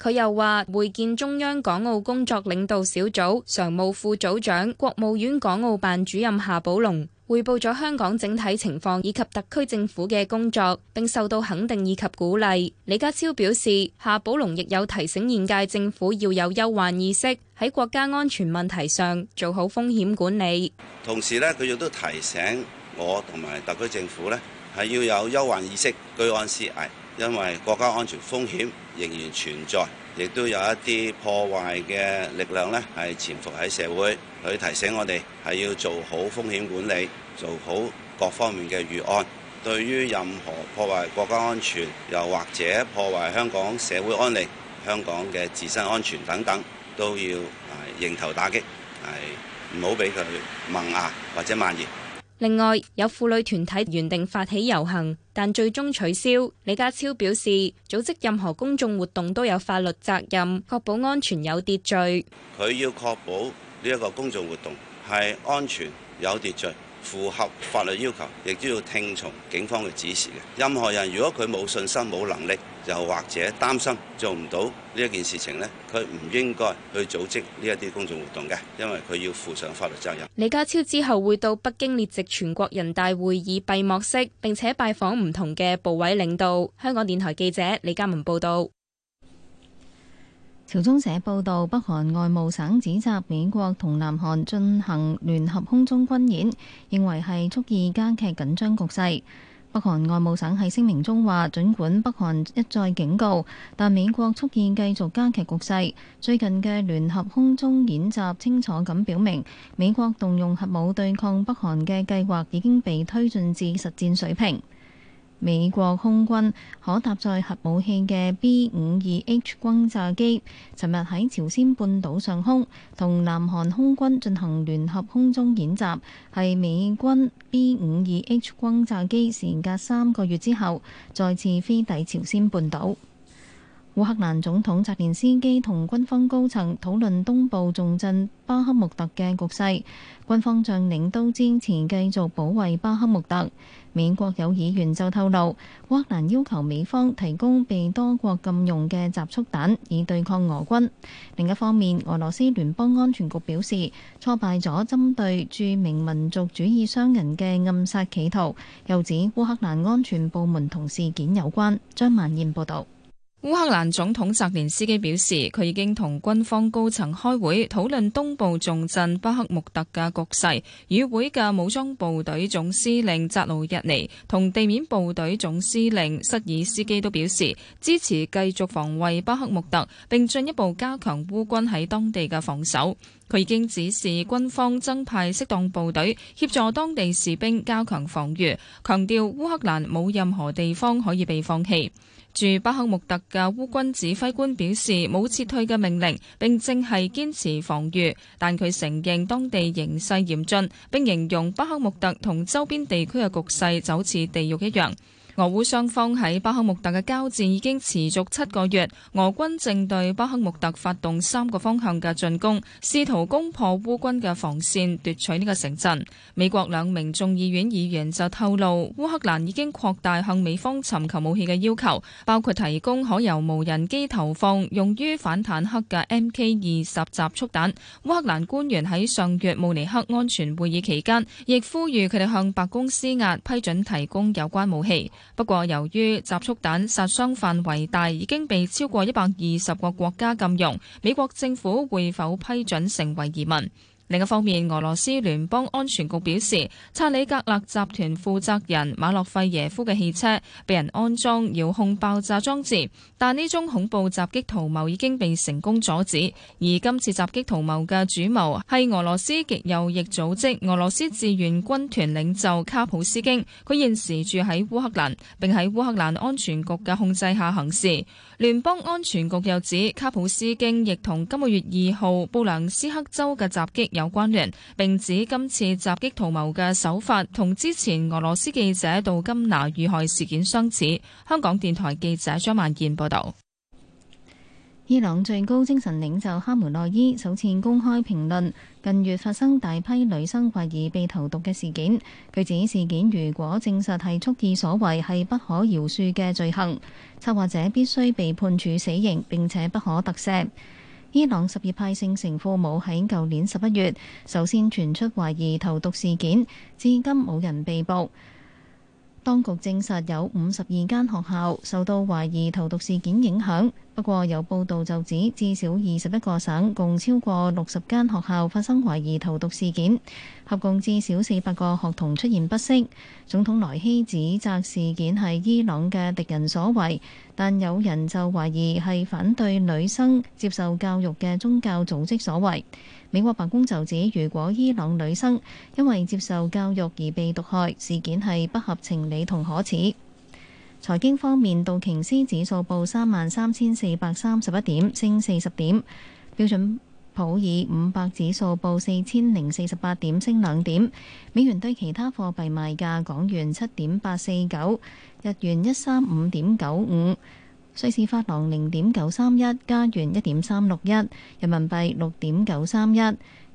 佢又話會見中央港澳工作領導小組常務副組長、國務院港澳辦主任夏寶龍，匯報咗香港整體情況以及特區政府嘅工作，並受到肯定以及鼓勵。李家超表示，夏寶龍亦有提醒現屆政府要有憂患意識，喺國家安全問題上做好風險管理。同時呢，佢亦都提醒我同埋特區政府呢，係要有憂患意識，居安思危，因為國家安全風險仍然存在，亦都有一啲破壞嘅力量咧係潛伏喺社會。佢提醒我哋係要做好風險管理，做好各方面嘅預案。對於任何破壞國家安全，又或者破壞香港社會安寧、香港嘅自身安全等等，都要係迎頭打擊，係唔好俾佢萌芽或者蔓延。另外，有婦女團體原定發起遊行，但最終取消。李家超表示，組織任何公眾活動都有法律責任，確保安全有秩序。佢要確保呢一個公眾活動係安全有秩序。符合法律要求，亦都要聽從警方嘅指示嘅。任何人如果佢冇信心、冇能力，又或者擔心做唔到呢一件事情咧，佢唔應該去組織呢一啲公眾活動嘅，因為，佢要負上法律責任。李家超之後會到北京列席全國人大會議閉幕式，並且拜訪唔同嘅部委領導。香港電台記者李嘉文報道。朝中社報導，北韓外務省指責美國同南韓進行聯合空中軍演，認為係蓄意加劇緊張局勢。北韓外務省喺聲明中話，儘管北韓一再警告，但美國蓄意繼續加劇局勢。最近嘅聯合空中演習清楚噉表明，美國動用核武對抗北韓嘅計劃已經被推進至實戰水平。美國空軍可搭載核武器嘅 B 五二 H 轟炸機，尋日喺朝鮮半島上空同南韓空軍進行聯合空中演習，係美軍 B 五二 H 轟炸機時隔三個月之後再次飛抵朝鮮半島。烏克蘭總統澤連斯基同軍方高層討論東部重鎮巴克穆特嘅局勢，軍方將領都支持繼續保衛巴克穆特。美國有議員就透露，烏克蘭要求美方提供被多國禁用嘅集束彈，以對抗俄軍。另一方面，俄羅斯聯邦安全局表示挫敗咗針對著名民族主義商人嘅暗殺企圖，又指烏克蘭安全部門同事件有關。張曼燕報道。烏克蘭總統澤連斯基表示，佢已經同軍方高層開會討論東部重鎮巴克穆特嘅局勢。與會嘅武裝部隊總司令扎盧日尼同地面部隊總司令塞爾斯基都表示支持繼續防衛巴克穆特，並進一步加強烏軍喺當地嘅防守。佢已經指示軍方增派適當部隊協助當地士兵加強防禦，強調烏克蘭冇任何地方可以被放棄。駐巴克穆特嘅烏軍指揮官表示冇撤退嘅命令，並正係堅持防禦，但佢承認當地形勢嚴峻，並形容巴克穆特同周邊地區嘅局勢就好似地獄一樣。俄烏雙方喺巴赫穆特嘅交戰已經持續七個月，俄軍正對巴赫穆特發動三個方向嘅進攻，試圖攻破烏軍嘅防線，奪取呢個城鎮。美國兩名眾議院議員就透露，烏克蘭已經擴大向美方尋求武器嘅要求，包括提供可由無人機投放、用於反坦克嘅 MK 二十集束彈。烏克蘭官員喺上月慕尼黑安全會議期間，亦呼籲佢哋向白宮施壓，批准提供有關武器。不過，由於集束彈殺傷範圍大，已經被超過一百二十個國家禁用。美國政府會否批准成為移民？另一方面，俄羅斯聯邦安全局表示，查理格勒集團負責人馬洛費耶夫嘅汽車被人安裝遙控爆炸裝置，但呢宗恐怖襲擊圖謀已經被成功阻止。而今次襲擊圖謀嘅主謀係俄羅斯極右翼組織俄羅斯志願軍團領袖卡普斯京，佢現時住喺烏克蘭，並喺烏克蘭安全局嘅控制下行事。聯邦安全局又指，卡普斯京亦同今個月二號布良斯克州嘅襲擊有關聯，並指今次襲擊圖謀嘅手法同之前俄羅斯記者杜金娜遇害事件相似。香港電台記者張曼燕報導。伊朗最高精神領袖哈梅內伊首次公開評論。近月發生大批女生懷疑被投毒嘅事件，據指事件如果證實係蓄意所為，係不可饒恕嘅罪行，策劃者必須被判處死刑並且不可特赦。伊朗十二派聖城父母喺舊年十一月首先傳出懷疑投毒事件，至今冇人被捕。當局證實有五十二間學校受到懷疑投毒事件影響。不過有報道就指，至少二十一個省共超過六十間學校發生懷疑投毒事件，合共至少四百個學童出現不適。總統萊希指責事件係伊朗嘅敵人所為，但有人就懷疑係反對女生接受教育嘅宗教組織所為。美國白宮就指，如果伊朗女生因為接受教育而被毒害，事件係不合情理同可恥。財經方面，道瓊斯指數報三萬三千四百三十一點，升四十點；標準普爾五百指數報四千零四十八點，升兩點。美元對其他貨幣賣價，港元七點八四九，日元一三五點九五，瑞士法郎零點九三一，加元一點三六一，人民幣六點九三一。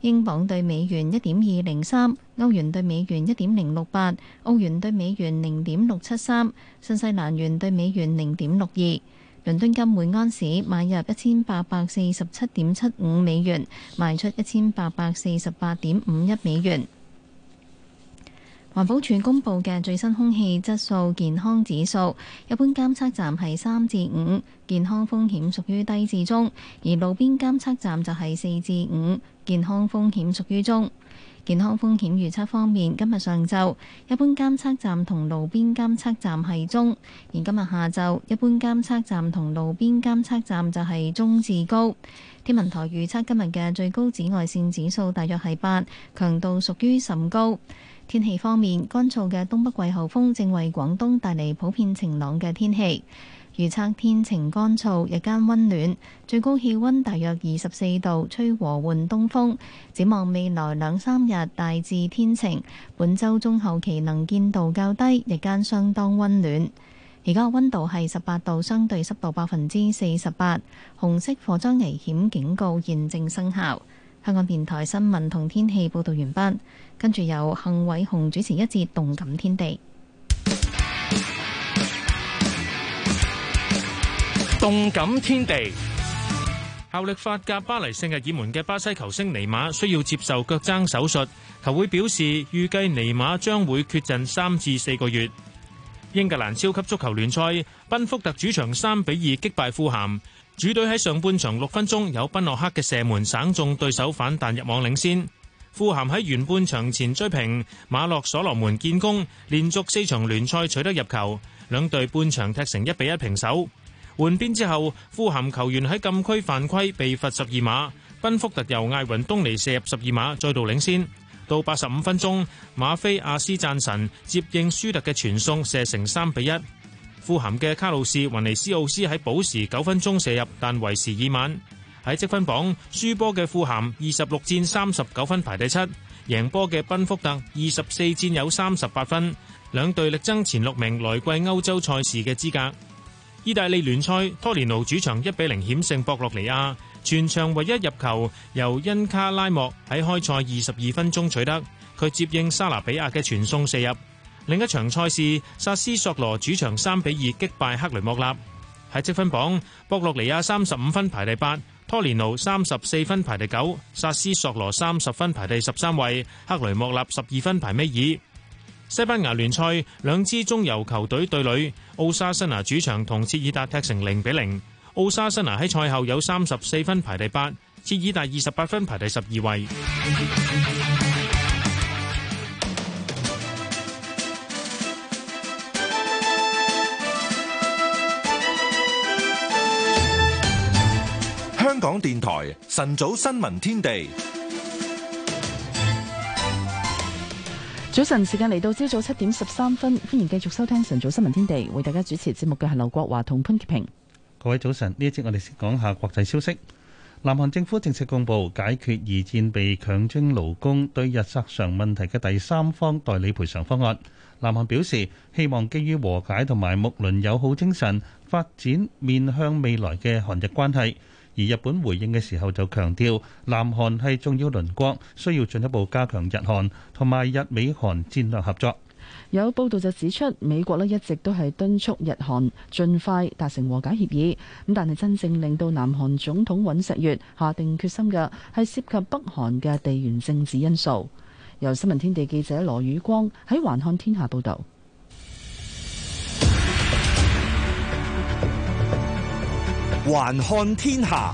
英鎊對美元一點二零三，歐元對美元一點零六八，澳元對美元零點六七三，新西蘭元對美元零點六二。倫敦金每安士買入一千八百四十七點七五美元，賣出一千八百四十八點五一美元。環保署公布嘅最新空氣質素健康指數，一般監測站係三至五，健康風險屬於低至中；而路邊監測站就係四至五，健康風險屬於中。健康風險預測方面，今日上晝一般監測站同路邊監測站係中，而今日下晝一般監測站同路邊監測站就係中至高。天文台預測今日嘅最高紫外線指數大約係八，強度屬於甚高。天氣方面，乾燥嘅東北季候風正為廣東帶嚟普遍晴朗嘅天氣。預測天晴乾燥，日間温暖，最高氣溫大約二十四度，吹和緩東風。展望未來兩三日大致天晴，本周中後期能見度較低，日間相當温暖。而家温度係十八度，相對濕度百分之四十八。紅色火災危險警告現正生效。香港電台新聞同天氣報道完畢。跟住由幸偉雄主持一節動感天地。動感天地，天地效力法甲巴黎聖日耳門嘅巴西球星尼馬需要接受腳踭手術，球會表示預計尼馬將會缺陣三至四個月。英格蘭超級足球聯賽，賓福特主場三比二擊敗富咸，主隊喺上半場六分鐘有賓諾克嘅射門省中，對手反彈入網領先。富咸喺完半場前追平，馬洛所羅門建功，連續四場聯賽取得入球，兩隊半場踢成一比一平手。換邊之後，富咸球員喺禁區犯規被罰十二碼，賓福特由艾雲東尼射入十二碼，再度領先。到八十五分鐘，馬菲阿斯贊臣接應舒特嘅傳送射，射成三比一。富咸嘅卡路士雲尼斯奧斯喺補時九分鐘射入，但為時已晚。喺積分榜輸波嘅富咸二十六戰三十九分排第七，贏波嘅賓福特二十四戰有三十八分，兩隊力爭前六名來季歐洲賽事嘅資格。意大利聯賽托連奴主場一比零險勝博洛尼亞，全場唯一入球由恩卡拉莫喺開賽二十二分鐘取得，佢接應沙拿比亞嘅傳送射入。另一場賽事薩斯索羅主場三比二擊敗克雷莫納，喺積分榜博洛尼亞三十五分排第八。托連奴三十四分排第九，薩斯索羅三十分排第十三位，克雷莫納十二分排尾二。西班牙聯賽兩支中游球隊對壘，奧沙辛拿主場同切爾達踢成零比零。奧沙辛拿喺賽後有三十四分排第八，切爾達二十八分排第十二位。港電台晨早新聞天地，早晨時間嚟到，朝早七點十三分，歡迎繼續收聽晨早新聞天地。為大家主持節目嘅係劉國華同潘潔平。各位早晨，呢一節我哋先講下國際消息。南韓政府正式公布解決二戰被強徵勞工對日賠償問題嘅第三方代理賠償方案。南韓表示希望基於和解同埋睦鄰友好精神，發展面向未來嘅韓日關係。而日本回應嘅時候就強調，南韓係重要鄰國，需要進一步加強日韓同埋日美韓戰略合作。有報道就指出，美國咧一直都係敦促日韓盡快達成和解協議。咁但係真正令到南韓總統尹錫悅下定決心嘅係涉及北韓嘅地緣政治因素。由新聞天地記者羅宇光喺環看天下報道。還看天下。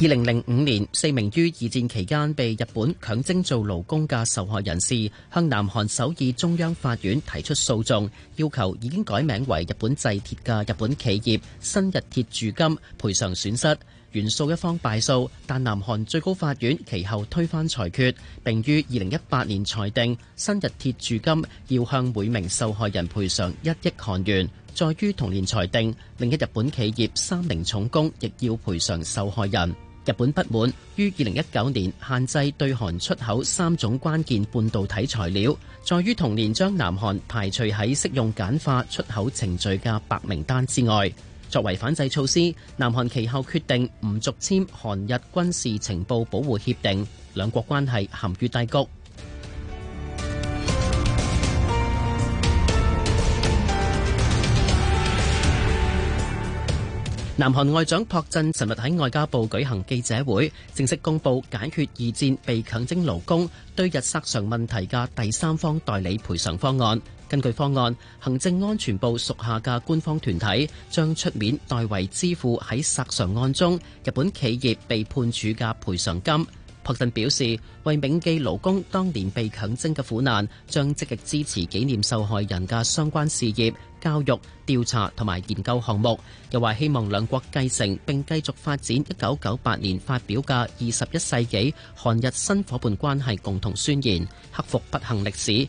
二零零五年，四名於二戰期間被日本強徵做勞工嘅受害人士，向南韓首爾中央法院提出訴訟，要求已經改名為日本製鐵嘅日本企業新日鐵住金賠償損失。原訴一方敗訴，但南韓最高法院其後推翻裁決，並於二零一八年裁定新日鐵住金要向每名受害人賠償一億韓元。再於同年裁定另一日本企業三菱重工亦要賠償受害人。日本不滿於二零一九年限制對韓出口三種關鍵半導體材料，再於同年將南韓排除喺適用簡化出口程序嘅白名單之外。作為反制措施，南韓其後決定唔續簽韓日軍事情報保護協定，兩國關係陷入低谷。 南韓外長朴振尋日喺外交部舉行記者會，正式公佈解決二戰被強徵勞工對日賠償問題嘅第三方代理賠償方案。根據方案，行政安全部屬下嘅官方團體將出面代為支付喺索償案中日本企業被判處嘅賠償金。朴振表示，為銘記勞工當年被強徵嘅苦難，將積極支持紀念受害人嘅相關事業、教育、調查同埋研究項目。又話希望兩國繼承並繼續發展一九九八年發表嘅二十一世紀韓日新伙伴關係共同宣言，克服不幸歷史。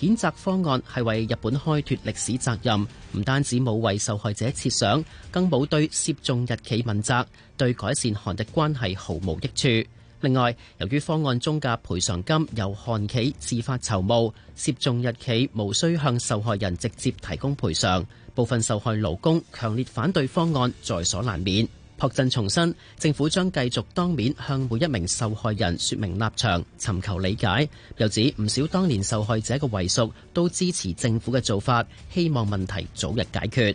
譴責方案係為日本開脱歷史責任，唔單止冇為受害者設想，更冇對涉訟日企問責，對改善韓日關係毫無益處。另外，由於方案中嘅賠償金由韓企自發籌募，涉訟日企無需向受害人直接提供賠償，部分受害勞工強烈反對方案，在所難免。朴振重申，政府將繼續當面向每一名受害人說明立場，尋求理解。又指唔少當年受害者嘅遺屬都支持政府嘅做法，希望問題早日解決。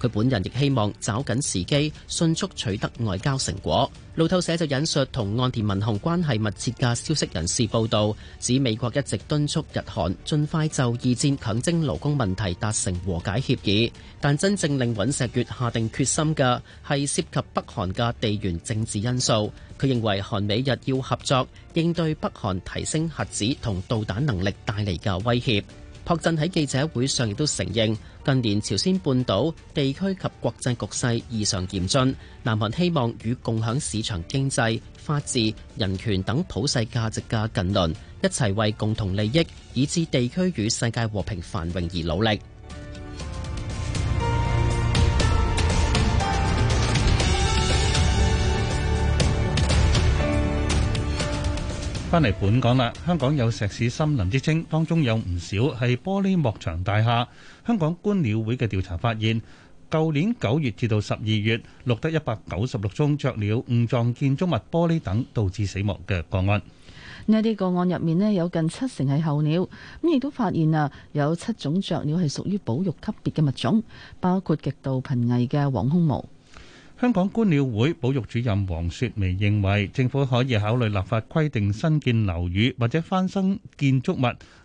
佢本人亦希望找緊時機，迅速取得外交成果。路透社就引述同岸田文雄關係密切嘅消息人士報道，指美國一直敦促日韓盡快就二戰強徵勞工問題達成和解協議。但真正令尹錫悅下定決心嘅係涉及北韓嘅地緣政治因素。佢認為韓美日要合作應對北韓提升核子同導彈能力帶嚟嘅威脅。朴振喺記者會上亦都承認，近年朝鮮半島地區及國際局勢異常嚴峻，南韓希望與共享市場經濟、法治、人權等普世價值嘅近鄰一齊為共同利益，以致地區與世界和平繁榮而努力。翻嚟本港啦，香港有石屎森林之稱，當中有唔少係玻璃幕牆大廈。香港觀鳥會嘅調查發現，舊年九月至到十二月，錄得一百九十六宗雀鳥誤撞建築物玻璃等導致死亡嘅個案。呢啲個案入面呢，有近七成係候鳥，咁亦都發現啊，有七種雀鳥係屬於保育級別嘅物種，包括極度瀕危嘅黃胸鵐。香港觀鳥會保育主任黃雪眉認為，政府可以考慮立法規定新建樓宇或者翻新建築物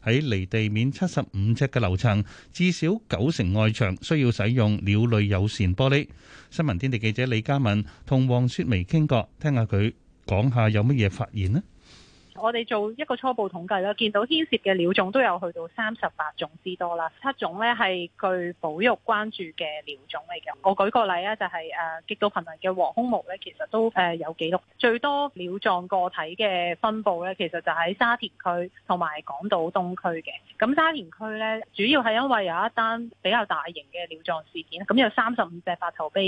喺離地面七十五尺嘅樓層，至少九成外牆需要使用鳥類友善玻璃。新聞天地記者李嘉敏同黃雪眉傾過，聽下佢講下有乜嘢發現呢？我哋做一個初步統計啦，見到牽涉嘅鳥種都有去到三十八種之多啦，七種咧係具保育關注嘅鳥種嚟嘅。我舉個例啊，就係誒極度瀕危嘅黃胸鵐咧，其實都誒有記錄。最多鳥狀個體嘅分佈咧，其實就喺沙田區同埋港島東區嘅。咁沙田區咧，主要係因為有一單比較大型嘅鳥狀事件，咁有三十五隻白頭鵯誒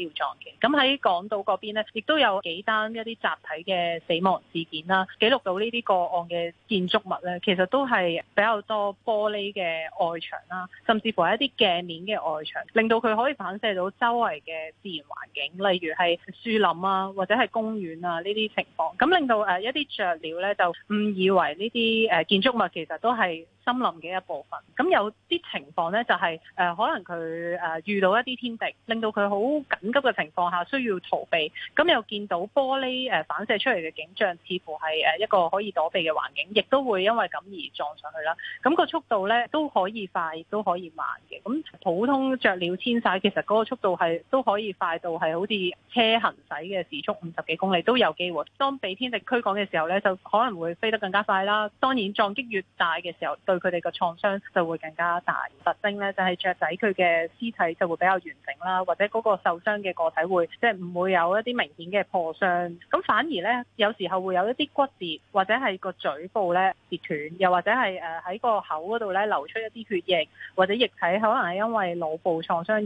集體鳥狀嘅。咁喺港島嗰邊咧，亦都有幾單一啲集體嘅死亡事件啦，捉到呢啲個案嘅建築物呢，其實都係比較多玻璃嘅外牆啦，甚至乎係一啲鏡面嘅外牆，令到佢可以反射到周圍嘅自然環境，例如係樹林啊，或者係公園啊呢啲情況，咁令到誒一啲雀鳥呢，就誤以為呢啲誒建築物其實都係森林嘅一部分，咁有啲情況咧就係、是、誒、呃、可能佢誒遇到一啲天敵，令到佢好緊急嘅情況下需要逃避，咁又見到玻璃誒反射出嚟嘅景象，似乎係誒一個可以躲避嘅環境，亦都會因為咁而撞上去啦。咁、那個速度咧都可以快，都可以慢嘅。咁普通雀鳥遷徙其實嗰個速度係都可以快到係好似車行駛嘅時速五十幾公里都有機會。當被天敵驅趕嘅時候咧，就可能會飛得更加快啦。當然撞擊越大嘅時候，佢哋嘅創傷就會更加大。特徵咧就係、是、雀仔佢嘅屍體就會比較完整啦，或者嗰個受傷嘅個體會即係唔會有一啲明顯嘅破傷。咁反而咧有時候會有一啲骨折，或者係個嘴部咧跌斷，又或者係誒喺個口嗰度咧流出一啲血液或者液體，可能係因為腦部創傷而誒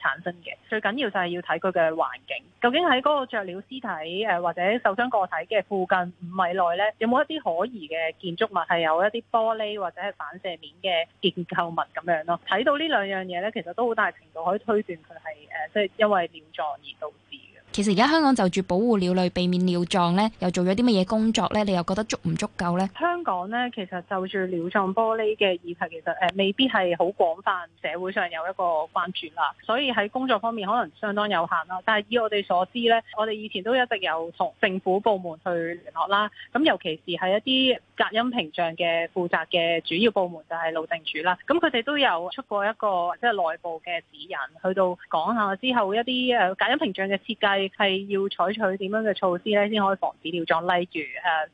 產生嘅。最緊要就係要睇佢嘅環境，究竟喺嗰個雀鳥屍體誒或者受傷個體嘅附近五米內咧，有冇一啲可疑嘅建築物係有一啲玻璃或者反射面嘅建構物咁樣咯，睇到呢兩樣嘢咧，其實都好大程度可以推斷佢係誒，即、呃、係因為變狀而導致。其實而家香港就住保護鳥類、避免鳥撞咧，又做咗啲乜嘢工作咧？你又覺得足唔足夠咧？香港咧，其實就住鳥撞玻璃嘅議題，其實誒、呃，未必係好廣泛，社會上有一個關注啦。所以喺工作方面，可能相當有限啦。但係以我哋所知咧，我哋以前都一直有同政府部門去聯絡啦。咁、啊、尤其是係一啲隔音屏障嘅負責嘅主要部門就係、是、路政署啦。咁佢哋都有出過一個即係內部嘅指引，去到講下之後一啲誒隔音屏障嘅設計。係要採取點樣嘅措施咧，先可以防止鳥撞？例如誒，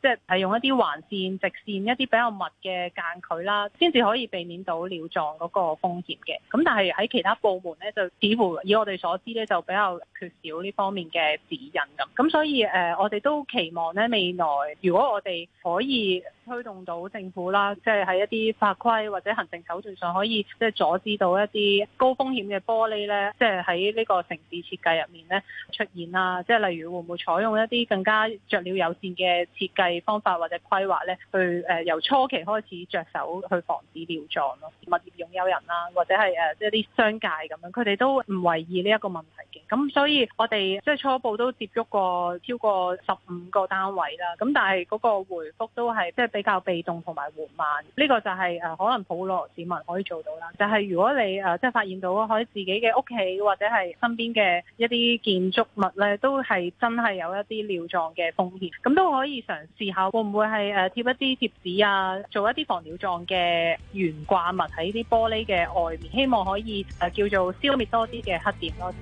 即係係用一啲橫線、直線一啲比較密嘅間距啦，先至可以避免到鳥撞嗰個風險嘅。咁但係喺其他部門咧，就似乎以我哋所知咧，就比較缺少呢方面嘅指引咁。咁所以誒、呃，我哋都期望咧，未來如果我哋可以推動到政府啦，即係喺一啲法規或者行政手段上，可以即係阻止到一啲高風險嘅玻璃咧，即係喺呢個城市設計入面咧出。然啦，即係例如會唔會採用一啲更加鳥類友善嘅設計方法或者規劃咧，去誒由初期開始着手去防止鳥撞咯，物業擁有人啦，或者係誒即係啲商界咁樣，佢哋都唔懷意呢一個問題嘅。咁所以我哋即係初步都接觸過超過十五個單位啦，咁但係嗰個回覆都係即係比較被動同埋緩慢。呢個就係誒可能普羅市民可以做到啦。就係如果你誒即係發現到喺自己嘅屋企或者係身邊嘅一啲建築物。都係真係有一啲尿狀嘅風險，咁都可以嘗試下，會唔會係誒貼一啲貼紙啊，做一啲防鳥撞嘅懸掛物喺啲玻璃嘅外面，希望可以誒叫做消滅多啲嘅黑點咯。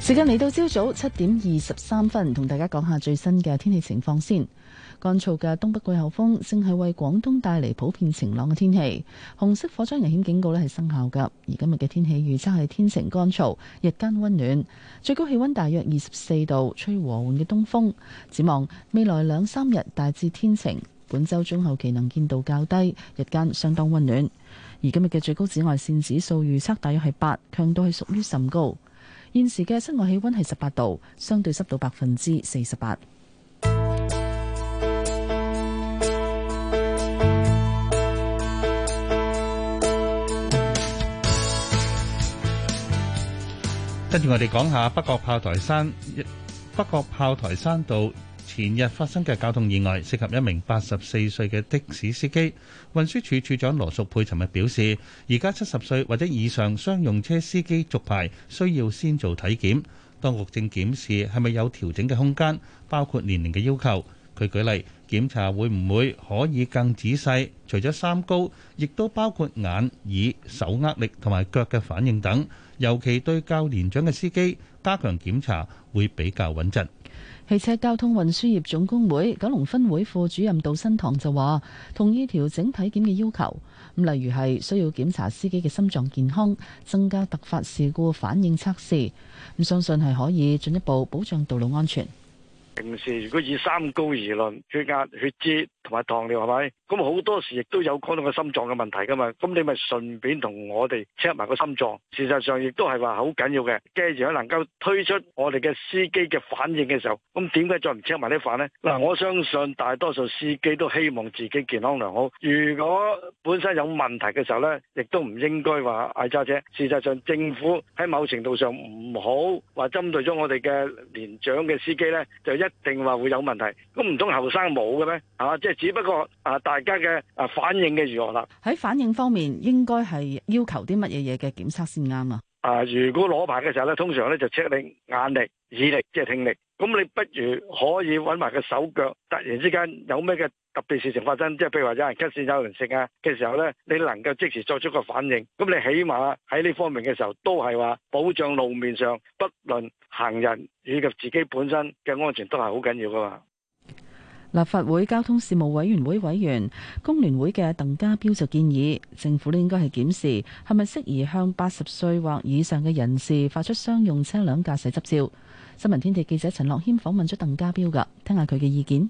時間嚟到朝早七點二十三分，同大家講下最新嘅天氣情況先。乾燥嘅東北季候風正係為廣東帶嚟普遍晴朗嘅天氣，紅色火災危險警告咧係生效嘅。而今日嘅天氣預測係天晴乾燥，日間温暖，最高氣溫大約二十四度，吹和緩嘅東風。展望未來兩三日大致天晴，本週中後期能見度較低，日間相當温暖。而今日嘅最高紫外線指數預測大約係八，強度係屬於甚高。現時嘅室外氣溫係十八度，相對濕度百分之四十八。跟住我哋講下北角炮台山，北角炮台山道前日發生嘅交通意外，涉及一名八十四歲嘅的士司機。運輸署署長羅淑佩尋日表示，而家七十歲或者以上商用車司機續牌需要先做體檢，當局正檢視係咪有調整嘅空間，包括年齡嘅要求。佢舉例檢查會唔會可以更仔細，除咗三高，亦都包括眼、耳、手握力同埋腳嘅反應等。尤其對較年長嘅司機加強檢查會比較穩陣。汽車交通運輸業總工會九龍分會副主任杜新堂就話：同意調整體檢嘅要求，咁例如係需要檢查司機嘅心臟健康，增加突發事故反應測試，咁相信係可以進一步保障道路安全。平時如果以三高而論，血壓、血脂。同埋糖尿係咪？咁好多時亦都有講到個心臟嘅問題㗎嘛。咁你咪順便同我哋 check 埋個心臟。事實上亦都係話好緊要嘅。既然能夠推出我哋嘅司機嘅反應嘅時候，咁點解再唔 check 埋啲飯呢？嗱，我相信大多數司機都希望自己健康良好。如果本身有問題嘅時候呢，亦都唔應該話嗌揸車。事實上，政府喺某程度上唔好話針對咗我哋嘅年長嘅司機呢，就一定話會有問題。咁唔通後生冇嘅咩？嚇、啊，即只不過啊，大家嘅啊反應嘅如何啦？喺反應方面，應該係要求啲乜嘢嘢嘅檢測先啱啊？啊，如果攞牌嘅時候咧，通常咧就 check 你眼力、耳力，即係聽力。咁你不如可以揾埋個手腳。突然之間有咩嘅特別事情發生，即係譬如話有人咳線有人食啊嘅時候咧，你能夠即時作出個反應。咁你起碼喺呢方面嘅時候，都係話保障路面上不論行人以及自己本身嘅安全都係好緊要噶嘛。立法會交通事務委員會委員工聯會嘅鄧家彪就建議，政府咧應該係檢視係咪適宜向八十歲或以上嘅人士發出商用車輛駕駛執照。新聞天地記者陳樂謙訪問咗鄧家彪噶，聽下佢嘅意見。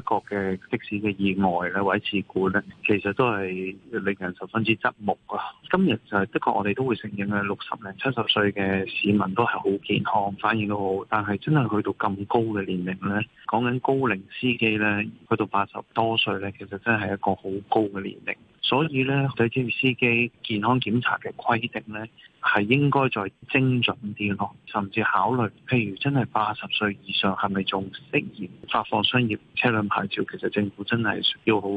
一個嘅的士嘅意外咧，或者事故咧，其實都係令人十分之側目啊！今日就係、是、的確，我哋都會承認咧，六十零七十歲嘅市民都係好健康，反應都好。但係真係去到咁高嘅年齡咧，講緊高齡司機咧，去到八十多歲咧，其實真係一個好高嘅年齡。所以咧，對職業司機健康檢查嘅規定咧。係應該再精準啲咯，甚至考慮，譬如真係八十歲以上係咪仲適宜發放商業車輛牌照？其實政府真係要好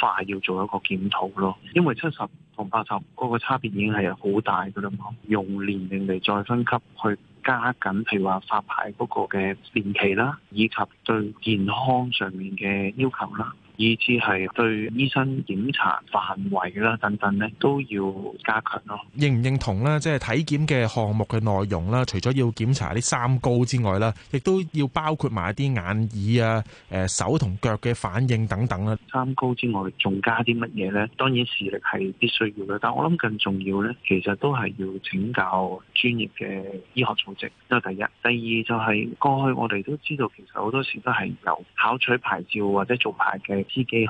快要做一個檢討咯，因為七十同八十嗰個差別已經係好大㗎喇嘛，用年齡嚟再分級去加緊，譬如話發牌嗰個嘅年期啦，以及對健康上面嘅要求啦。以至係對醫生檢查範圍啦等等咧，都要加強咯。認唔認同咧？即係體檢嘅項目嘅內容啦，除咗要檢查啲三高之外啦，亦都要包括埋啲眼耳啊、誒手同腳嘅反應等等啦。三高之外，仲加啲乜嘢咧？當然視力係必須要嘅，但我諗更重要咧，其實都係要請教專業嘅醫學組織。都係、第一，第二就係、是、過去我哋都知道，其實好多時都係由考取牌照或者做牌嘅。司機去。C K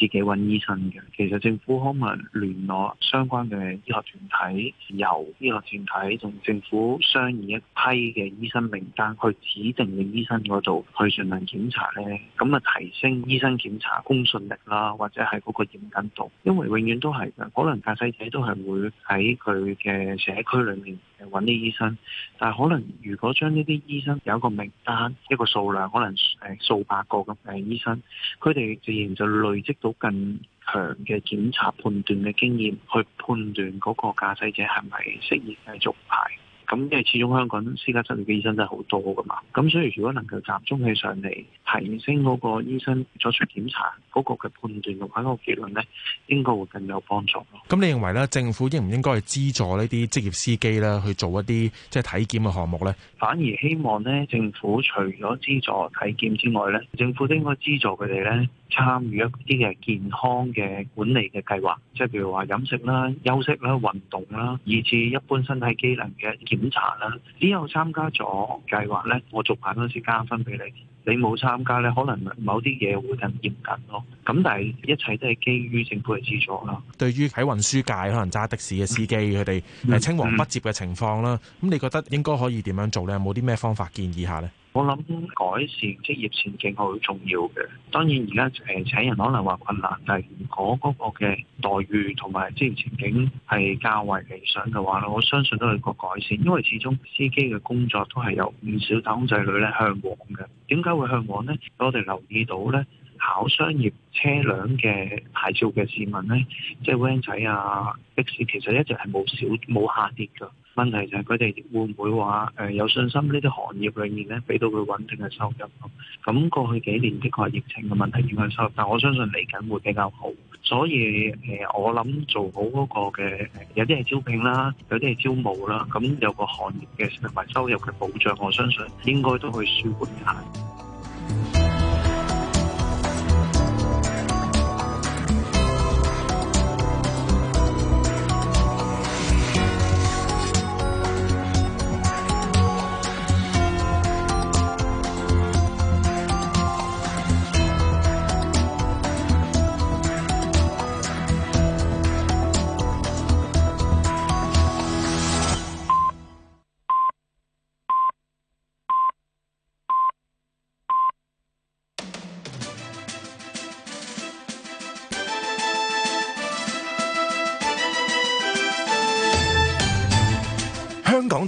自己揾醫生嘅，其實政府可唔可以聯絡相關嘅醫學團體，由醫學團體同政府商議一批嘅醫生名單，去指定嘅醫生嗰度去進行檢查咧？咁啊，提升醫生檢查公信力啦，或者係嗰個嚴謹度。因為永遠都係嘅，可能駕駛者都係會喺佢嘅社區裏面揾啲醫生，但係可能如果將呢啲醫生有一個名單，一個數量，可能誒數百個咁嘅醫生，佢哋自然就累積到，更強嘅檢查、判斷嘅經驗，去判斷嗰個駕駛者係咪適宜繼續排。咁因為始終香港私家執業嘅醫生真係好多㗎嘛，咁所以如果能夠集中起上嚟，提升嗰個醫生作出檢查嗰個嘅判斷同埋嗰個結論咧，應該會更有幫助咯。咁你認為咧，政府應唔應該去資助呢啲職業司機咧去做一啲即係體檢嘅項目咧？反而希望咧，政府除咗資助體檢之外咧，政府應該資助佢哋咧參與一啲嘅健康嘅管理嘅計劃，即係譬如話飲食啦、休息啦、運動啦，以至一般身體機能嘅檢查啦，只有參加咗計劃咧，我逐排都先加分俾你。你冇參加咧，可能某啲嘢會更嚴謹咯。咁但係一切都係基於政府嘅資助啦。對於喺運輸界可能揸的士嘅司機佢哋係青黃不接嘅情況啦，咁 你覺得應該可以點樣做咧？有冇啲咩方法建議下咧？我諗改善職業前景係好重要嘅，當然而家誒請人可能話困難，但係如果嗰個嘅待遇同埋職業前景係較為理想嘅話咧，我相信都係個改善，因為始終司機嘅工作都係有唔少打工仔女咧嚮往嘅。點解會嚮往呢？我哋留意到咧，考商業車輛嘅牌照嘅市民咧，即係 van 仔啊、的士，其實一直係冇少冇下跌噶。問題就係佢哋會唔會話誒、呃、有信心呢啲行業裏面咧，俾到佢穩定嘅收入咯？咁、嗯、過去幾年的確係疫情嘅問題影響收入，但我相信嚟緊會比較好。所以誒、呃，我諗做好嗰個嘅、呃、有啲係招聘啦，有啲係招募啦，咁有個行業嘅同埋收入嘅保障，我相信應該都可以舒緩一下。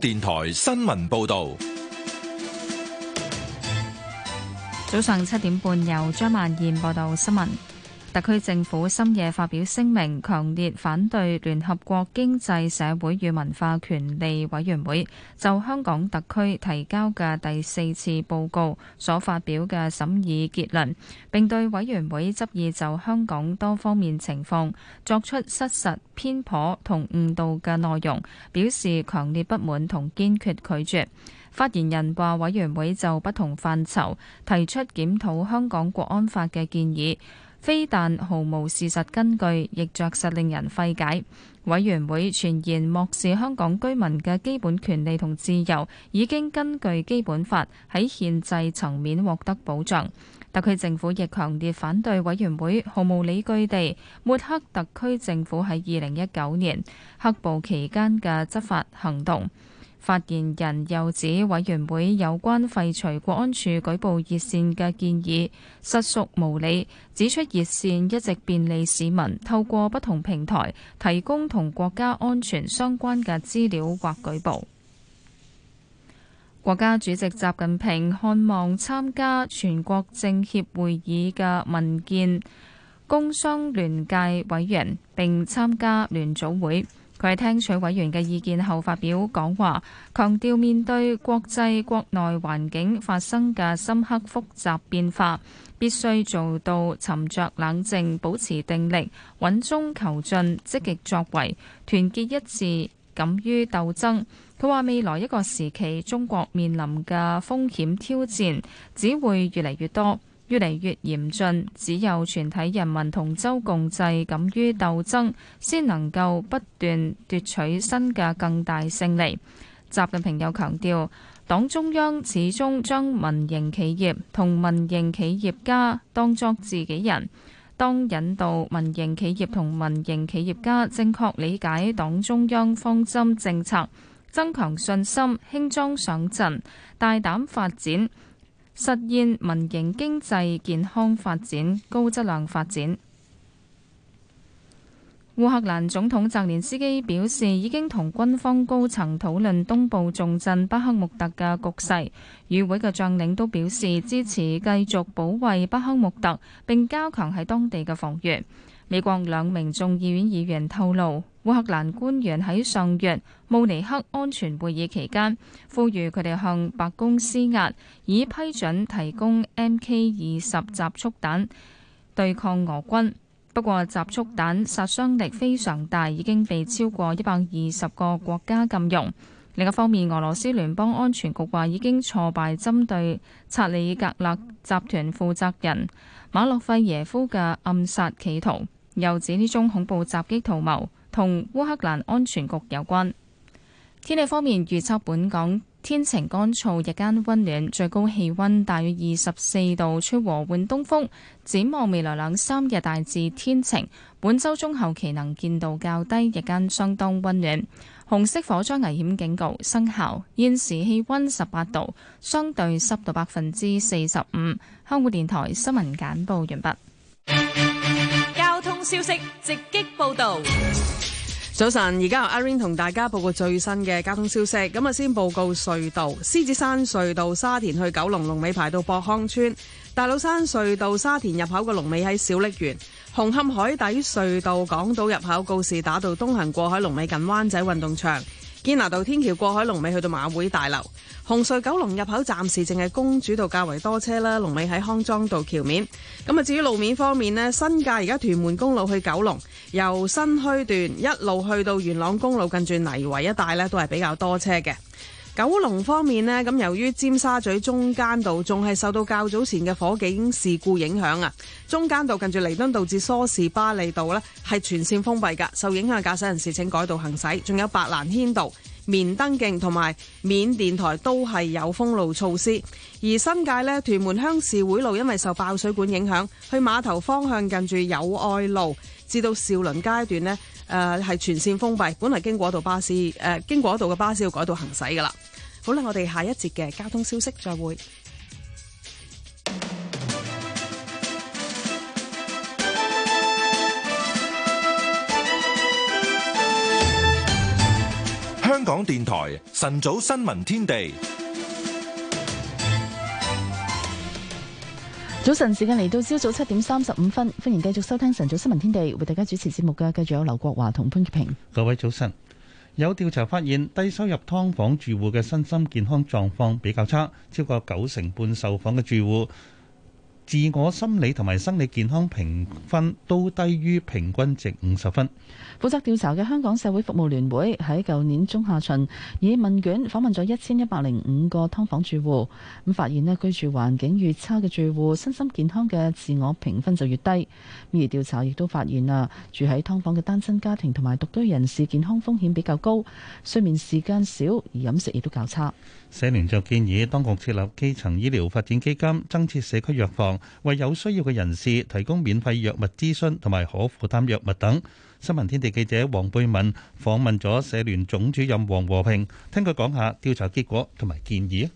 電台新聞報道。早上七點半，由張曼燕報道新聞。特區政府深夜發表聲明，強烈反對聯合國經濟社會與文化權利委員會就香港特區提交嘅第四次報告所發表嘅審議結論。並對委員會執意就香港多方面情況作出失實偏頗同誤導嘅內容表示強烈不滿同堅決拒絕。發言人話委員會就不同範疇提出檢討香港國安法嘅建議。非但毫無事實根據，亦著實令人費解。委員會傳言漠視香港居民嘅基本權利同自由，已經根據基本法喺憲制層面獲得保障。特區政府亦強烈反對委員會毫無理據地抹黑特區政府喺二零一九年黑暴期間嘅執法行動。發言人又指，委員會有關廢除國安處舉報熱線嘅建議實屬無理，指出熱線一直便利市民透過不同平台提供同國家安全相關嘅資料或舉報。國家主席習近平看望參加全國政協會議嘅民建工商聯界委員並參加聯組會。佢喺聽取委員嘅意見後發表講話，強調面對國際國內環境發生嘅深刻複雜變化，必須做到沉着冷靜，保持定力，穩中求進，積極作為，團結一致，敢於鬥爭。佢話未來一個時期，中國面臨嘅風險挑戰只會越嚟越多。越嚟越嚴峻，只有全體人民同舟共濟敢於鬥爭，先能夠不斷奪取新嘅更大勝利。習近平又強調，黨中央始終將民營企業同民營企業家當作自己人，當引導民營企業同民營企業家正確理解黨中央方針政策，增強信心，輕裝上陣，大膽發展。實現民營經濟健康發展、高質量發展。烏克蘭總統澤連斯基表示，已經同軍方高層討論東部重鎮巴克穆特嘅局勢。與會嘅將領都表示支持繼續保衛巴克穆特，並加強喺當地嘅防禦。美國兩名眾議院議員透露，烏克蘭官員喺上月慕尼黑安全會議期間，呼籲佢哋向白宮施壓，以批准提供 Mk 二十集束彈對抗俄軍。不過，集束彈殺傷力非常大，已經被超過一百二十個國家禁用。另一方面，俄羅斯聯邦安全局話已經挫敗針對察里格勒集團負責人馬洛費耶夫嘅暗殺企圖，又指呢種恐怖襲擊圖謀同烏克蘭安全局有關。天氣方面預測，本港天晴乾燥，日間溫暖，最高氣溫大約二十四度，吹和緩東風。展望未來兩三日大致天晴，本周中後期能見度較低，日間相當溫暖。紅色火災危險警告生效。現時氣溫十八度，相對濕度百分之四十五。香港電台新聞簡報完畢。消息直擊報道。早晨，而家阿 Irene 同大家報告最新嘅交通消息。咁啊，先報告隧道，獅子山隧道沙田去九龍龍尾排到博康村；大老山隧道沙田入口嘅龍尾喺小瀝源；紅磡海底隧道港島入口告士打道東行過海龍尾近灣仔運動場。堅拿道天橋過海龍尾去到馬會大樓，紅隧九龍入口暫時淨係公主道較為多車啦，龍尾喺康莊道橋面。咁啊，至於路面方面咧，新界而家屯門公路去九龍，由新墟段一路去到元朗公路近住泥圍一帶咧，都係比較多車嘅。九龍方面咧，咁由於尖沙咀中間道仲係受到較早前嘅火警事故影響啊，中間道近住彌敦道至梳士巴利道咧係全線封閉噶，受影響嘅駕駛人士請改道行駛。仲有白蘭軒道、棉登徑同埋緬甸台都係有封路措施。而新界咧，屯門鄉事會路因為受爆水管影響，去碼頭方向近住友愛路至到兆麟階段咧。誒，係、呃、全線封閉，本嚟經過嗰度巴士，誒、呃，經過嗰度嘅巴士要改道行駛㗎喇。好啦，我哋下一節嘅交通消息再會。香港電台晨早新聞天地。早晨，時間嚟到朝早七點三十五分，歡迎繼續收聽晨早新聞天地，為大家主持節目嘅繼續有劉國華同潘潔平。各位早晨，有調查發現，低收入劏房住戶嘅身心健康狀況比較差，超過九成半受訪嘅住戶，自我心理同埋生理健康評分都低於平均值五十分。負責調查嘅香港社會服務聯會喺舊年中下旬以問卷訪問咗一千一百零五個劏房住戶，咁發現咧，居住環境越差嘅住戶，身心健康嘅自我評分就越低。而調查亦都發現啦，住喺㓥房嘅單身家庭同埋獨居人士健康風險比較高，睡眠時間少，而飲食亦都較差。社聯就建議當局設立基層醫療發展基金，增設社區藥房，為有需要嘅人士提供免費藥物諮詢同埋可負擔藥物等。新聞天地記者黃貝敏訪問咗社聯總主任黃和平，聽佢講下調查結果同埋建議。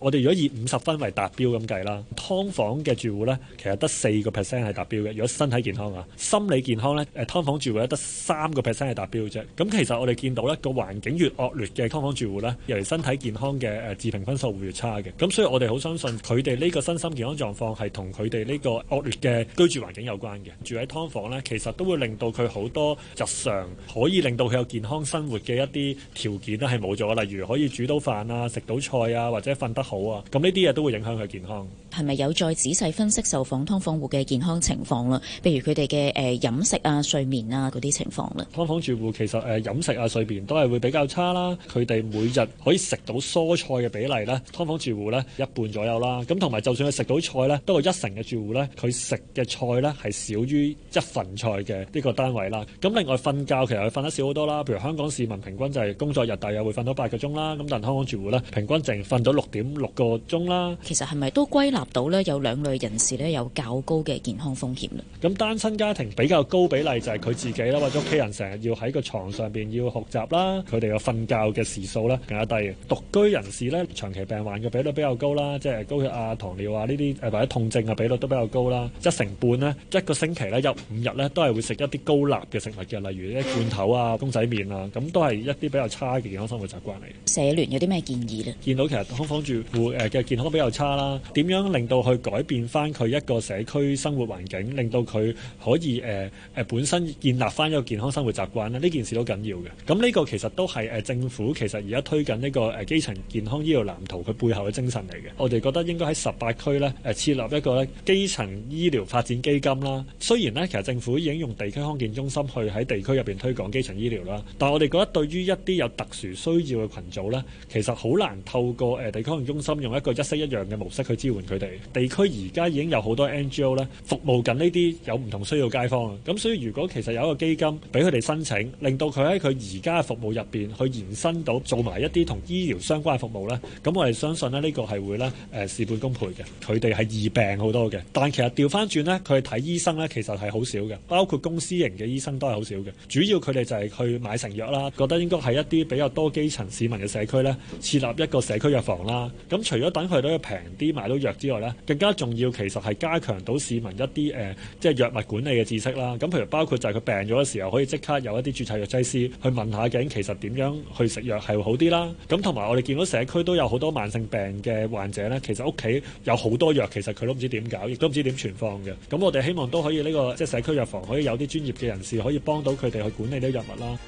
我哋如果以五十分為達標咁計啦，劏房嘅住戶呢，其實得四個 percent 係達標嘅。如果身體健康啊，心理健康呢，誒劏房住戶得三個 percent 係達標啫。咁其實我哋見到咧，個環境越惡劣嘅劏房住戶呢，尤其身體健康嘅誒自評分數會越差嘅。咁所以我哋好相信佢哋呢個身心健康狀況係同佢哋呢個惡劣嘅居住環境有關嘅。住喺劏房呢，其實都會令到佢好多日常可以令到佢有健康生活嘅一啲條件咧係冇咗，例如可以煮到飯啊、食到菜啊，或者瞓得。好啊，咁呢啲嘢都會影響佢健康。係咪有再仔細分析受訪劏房戶嘅健康情況啦？譬如佢哋嘅誒飲食啊、睡眠啊嗰啲情況啦。劏房住戶其實誒飲、呃、食啊、睡眠都係會比較差啦。佢哋每日可以食到蔬菜嘅比例咧，劏房住戶咧一半左右啦。咁同埋就算佢食到菜咧，都係一成嘅住戶咧，佢食嘅菜咧係少於一份菜嘅呢個單位啦。咁另外瞓覺其實佢瞓得少好多啦。譬如香港市民平均就係工作日大約會瞓到八個鐘啦，咁但係劏房住戶咧平均淨瞓到六點六個鐘啦。其實係咪都歸納？到咧有兩類人士咧有較高嘅健康風險啦。咁單親家庭比較高比例就係佢自己啦，或者屋企人成日要喺個床上邊要學習啦，佢哋嘅瞓覺嘅時數咧更加低。獨居人士咧長期病患嘅比率比較高啦，即係高血壓、糖尿啊呢啲，或者痛症嘅比率都比較高啦。一成半咧一個星期咧有五日咧都係會食一啲高鈉嘅食物嘅，例如啲罐頭啊、公仔麵啊，咁都係一啲比較差嘅健康生活習慣嚟。社聯有啲咩建議咧？見到其實空房住戶誒嘅健康比較差啦，點樣？令到佢改變翻佢一個社區生活環境，令到佢可以誒誒、呃、本身建立翻一個健康生活習慣咧，呢件事都緊要嘅。咁呢個其實都係誒、呃、政府其實而家推緊呢、這個誒、呃、基層健康醫療藍圖，佢背後嘅精神嚟嘅。我哋覺得應該喺十八區呢誒、呃、設立一個咧基層醫療發展基金啦。雖然呢，其實政府已經用地區康健中心去喺地區入邊推廣基層醫療啦，但係我哋覺得對於一啲有特殊需要嘅群組呢，其實好難透過誒、呃、地區康健中心用一個一式一樣嘅模式去支援佢。地地區而家已經有好多 NGO 咧服務緊呢啲有唔同需要街坊。咁所以如果其實有一個基金俾佢哋申請，令到佢喺佢而家嘅服務入邊去延伸到做埋一啲同醫療相關嘅服務呢。咁我哋相信咧呢、呢個係會咧誒、呃、事半功倍嘅。佢哋係易病好多嘅，但其實調翻轉呢，佢哋睇醫生呢，其實係好少嘅，包括公司型嘅醫生都係好少嘅。主要佢哋就係去買成藥啦，覺得應該係一啲比較多基層市民嘅社區呢，設立一個社區藥房啦。咁除咗等佢哋都要平啲買到藥之，之外咧，更加重要其實係加強到市民一啲誒、呃，即係藥物管理嘅知識啦。咁譬如包括就係佢病咗嘅時候，可以即刻有一啲註冊藥劑師去問下，究竟其實點樣去食藥係會好啲啦。咁同埋我哋見到社區都有好多慢性病嘅患者咧，其實屋企有好多藥，其實佢都唔知點搞，亦都唔知點存放嘅。咁我哋希望都可以呢、這個即係社區藥房可以有啲專業嘅人士可以幫到佢哋去管理啲藥物啦。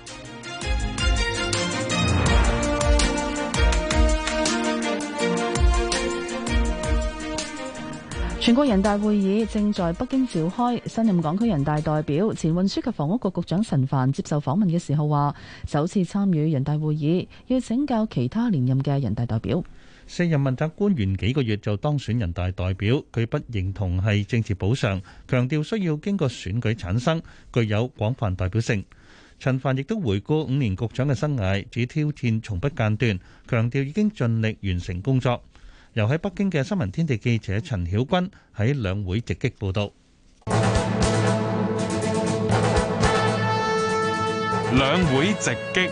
全國人大會議正在北京召開。新任港區人大代表、前運輸及房屋局局長陳帆接受訪問嘅時候話：首次參與人大會議，要請教其他連任嘅人大代表。卸任問責官員幾個月就當選人大代表，佢不認同係政治補償，強調需要經過選舉產生，具有廣泛代表性。陳帆亦都回顧五年局長嘅生涯，指挑戰從不間斷，強調已經盡力完成工作。由喺北京嘅新聞天地記者陳曉君喺兩會直擊報道。兩會直擊。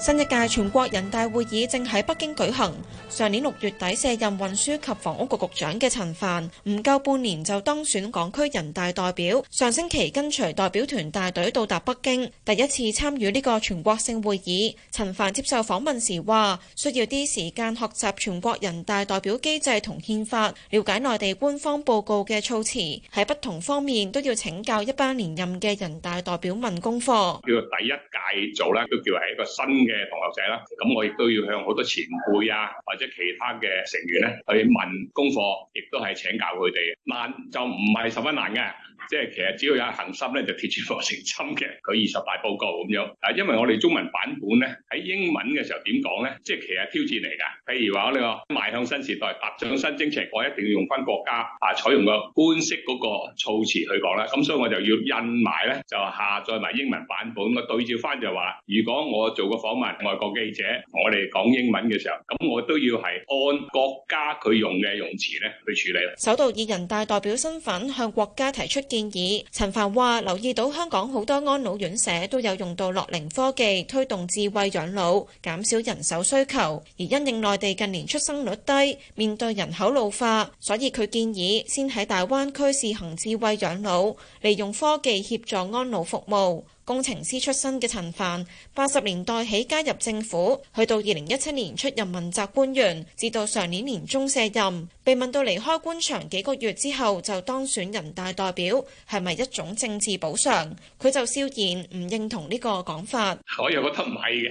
新一屆全國人大會議正喺北京舉行。上年六月底卸任運輸及房屋局局長嘅陳帆，唔夠半年就當選港區人大代表。上星期跟隨代表團大隊到達北京，第一次參與呢個全國性會議。陳帆接受訪問時話，需要啲時間學習全國人大代表機制同憲法，了解內地官方報告嘅措辭，喺不同方面都要請教一班連任嘅人大代表問功課。呢個第一屆做咧，都叫係一個新嘅同學仔啦，咁我亦都要向好多前輩啊，或者其他嘅成員咧去問功課，亦都係請教佢哋，難就唔係十分難嘅。即係其實只要有恒心咧，就鐵柱磨成針嘅。佢二十大報告咁樣，啊，因為我哋中文版本咧，喺英文嘅時候點講咧？即係其實挑戰嚟㗎。譬如話我哋話邁向新時代，踏上新征程，我一定要用翻國家啊，採用個官式嗰個措辭去講啦。咁所以我就要印埋咧，就下載埋英文版本咁啊對照翻就話，如果我做個訪問外國記者，我哋講英文嘅時候，咁我都要係按國家佢用嘅用詞咧去處理啦。首度以人大代表身份向國家提出。建議，陳帆話留意到香港好多安老院舍都有用到樂齡科技推動智慧養老，減少人手需求。而因應內地近年出生率低，面對人口老化，所以佢建議先喺大灣區試行智慧養老，利用科技協助安老服務。工程師出身嘅陳帆，八十年代起加入政府，去到二零一七年出任問責官員，至到上年年中卸任。被問到離開官場幾個月之後就當選人大代表，係咪一種政治補償？佢就笑言唔認同呢個講法。我又覺得唔係嘅，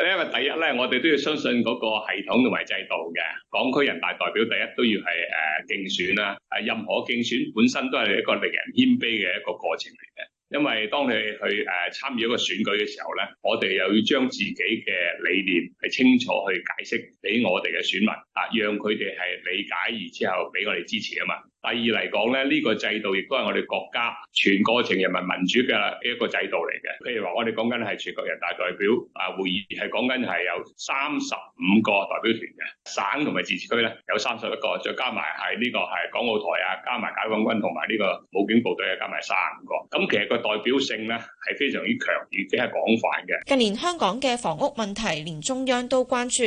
因 為第一呢，我哋都要相信嗰個系統同埋制度嘅。港區人大代表第一都要係誒競選啦，係任何競選本身都係一個令人謙卑嘅一個過程嚟嘅。因為當你去誒參與一個選舉嘅時候呢，我哋又要將自己嘅理念係清楚去解釋俾我哋嘅選民啊，讓佢哋係理解，然之後俾我哋支持啊嘛。第二嚟講咧，呢個制度亦都係我哋國家全過程人民民主嘅一個制度嚟嘅。譬如話，我哋講緊係全國人大代表啊會議，係講緊係有三十五個代表團嘅省同埋自治區咧，有三十一個，再加埋喺呢個係港澳台啊，加埋解放軍同埋呢個武警部隊啊，加埋三十五個。咁其實個代表性咧係非常之強烈，而且係廣泛嘅。近年香港嘅房屋問題，連中央都關注。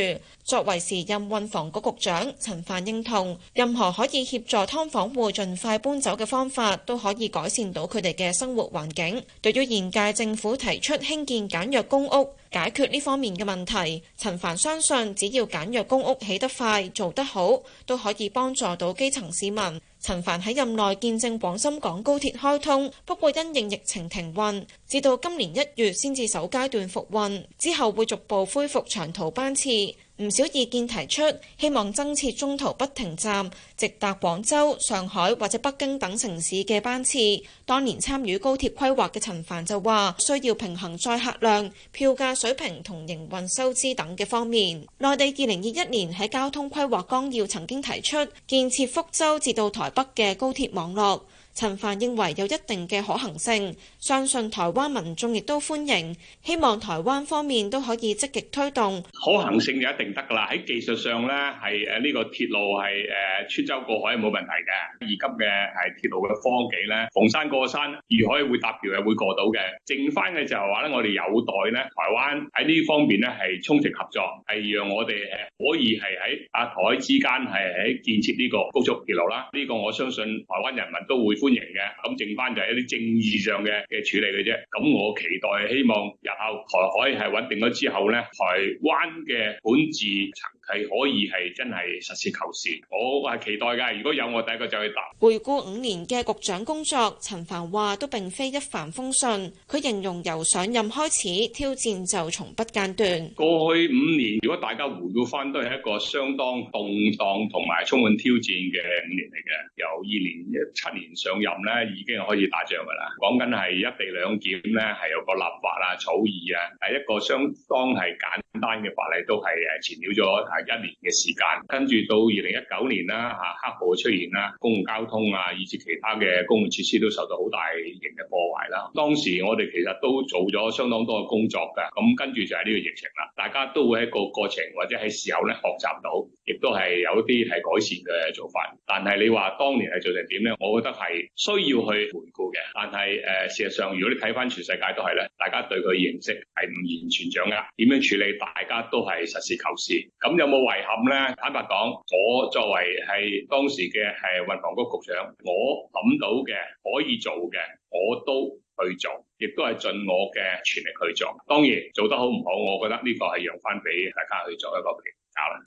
作為時任運房局局長，陳帆認同任何可以協助劏房戶盡快搬走嘅方法，都可以改善到佢哋嘅生活環境。對於現屆政府提出興建簡約公屋，解決呢方面嘅問題，陳帆相信只要簡約公屋起得快、做得好，都可以幫助到基層市民。陳帆喺任內見證廣深港高鐵開通，不過因應疫情停運，至到今年一月先至首階段復運，之後會逐步恢復長途班次。唔少意見提出希望增設中途不停站，直達廣州、上海或者北京等城市嘅班次。當年參與高鐵規劃嘅陳帆就話，需要平衡載客量、票價水平同營運收支等嘅方面。內地二零二一年喺交通規劃綱要曾經提出建設福州至到台北嘅高鐵網絡。陳凡認為有一定嘅可行性，相信台灣民眾亦都歡迎，希望台灣方面都可以積極推動。可行性就一定得㗎喇，喺技術上咧係誒呢個鐵路係誒穿州過海冇問題嘅，二級嘅係鐵路嘅科技咧，逢山過山，遇海會搭橋係會過到嘅。剩翻嘅就係話咧，我哋有待咧台灣喺呢方面咧係衷誠合作，係讓我哋誒可以係喺啊台之間係喺建設呢個高速鐵路啦。呢、這個我相信台灣人民都會歡迎嘅，咁剩翻就係一啲政治上嘅嘅處理嘅啫。咁我期待希望日後台海係穩定咗之後咧，台灣嘅管治層係可以，係真係實事求是。我係期待嘅。如果有，我第一個就去答。回顧五年嘅局長工作，陳帆話都並非一帆風順。佢形容由上任開始，挑戰就從不間斷。過去五年，如果大家回顧翻，都係一個相當動盪同埋充滿挑戰嘅五年嚟嘅。由二零一七年上任咧，已經可以打仗噶啦。講緊係一地兩檢咧，係有個立法啊、草擬啊，係一個相當係簡單嘅法例，都係誒，纏繞咗。係一年嘅時間，跟住到二零一九年啦，嚇黑暴出現啦，公共交通啊，以至其他嘅公共設施都受到好大型嘅破壞啦。當時我哋其實都做咗相當多嘅工作嘅，咁跟住就係呢個疫情啦，大家都會喺個過程或者喺時候咧學習到，亦都係有啲係改善嘅做法。但係你話當年係做成點咧？我覺得係需要去回顧嘅。但係誒、呃，事實上如果你睇翻全世界都係咧，大家對佢嘅認識係唔完全掌握，點樣處理大家都係實事求是咁。有冇遺憾呢？坦白講，我作為係當時嘅係運房局局長，我諗到嘅可以做嘅，我都去做，亦都係盡我嘅全力去做。當然做得好唔好，我覺得呢個係讓翻俾大家去做一個評。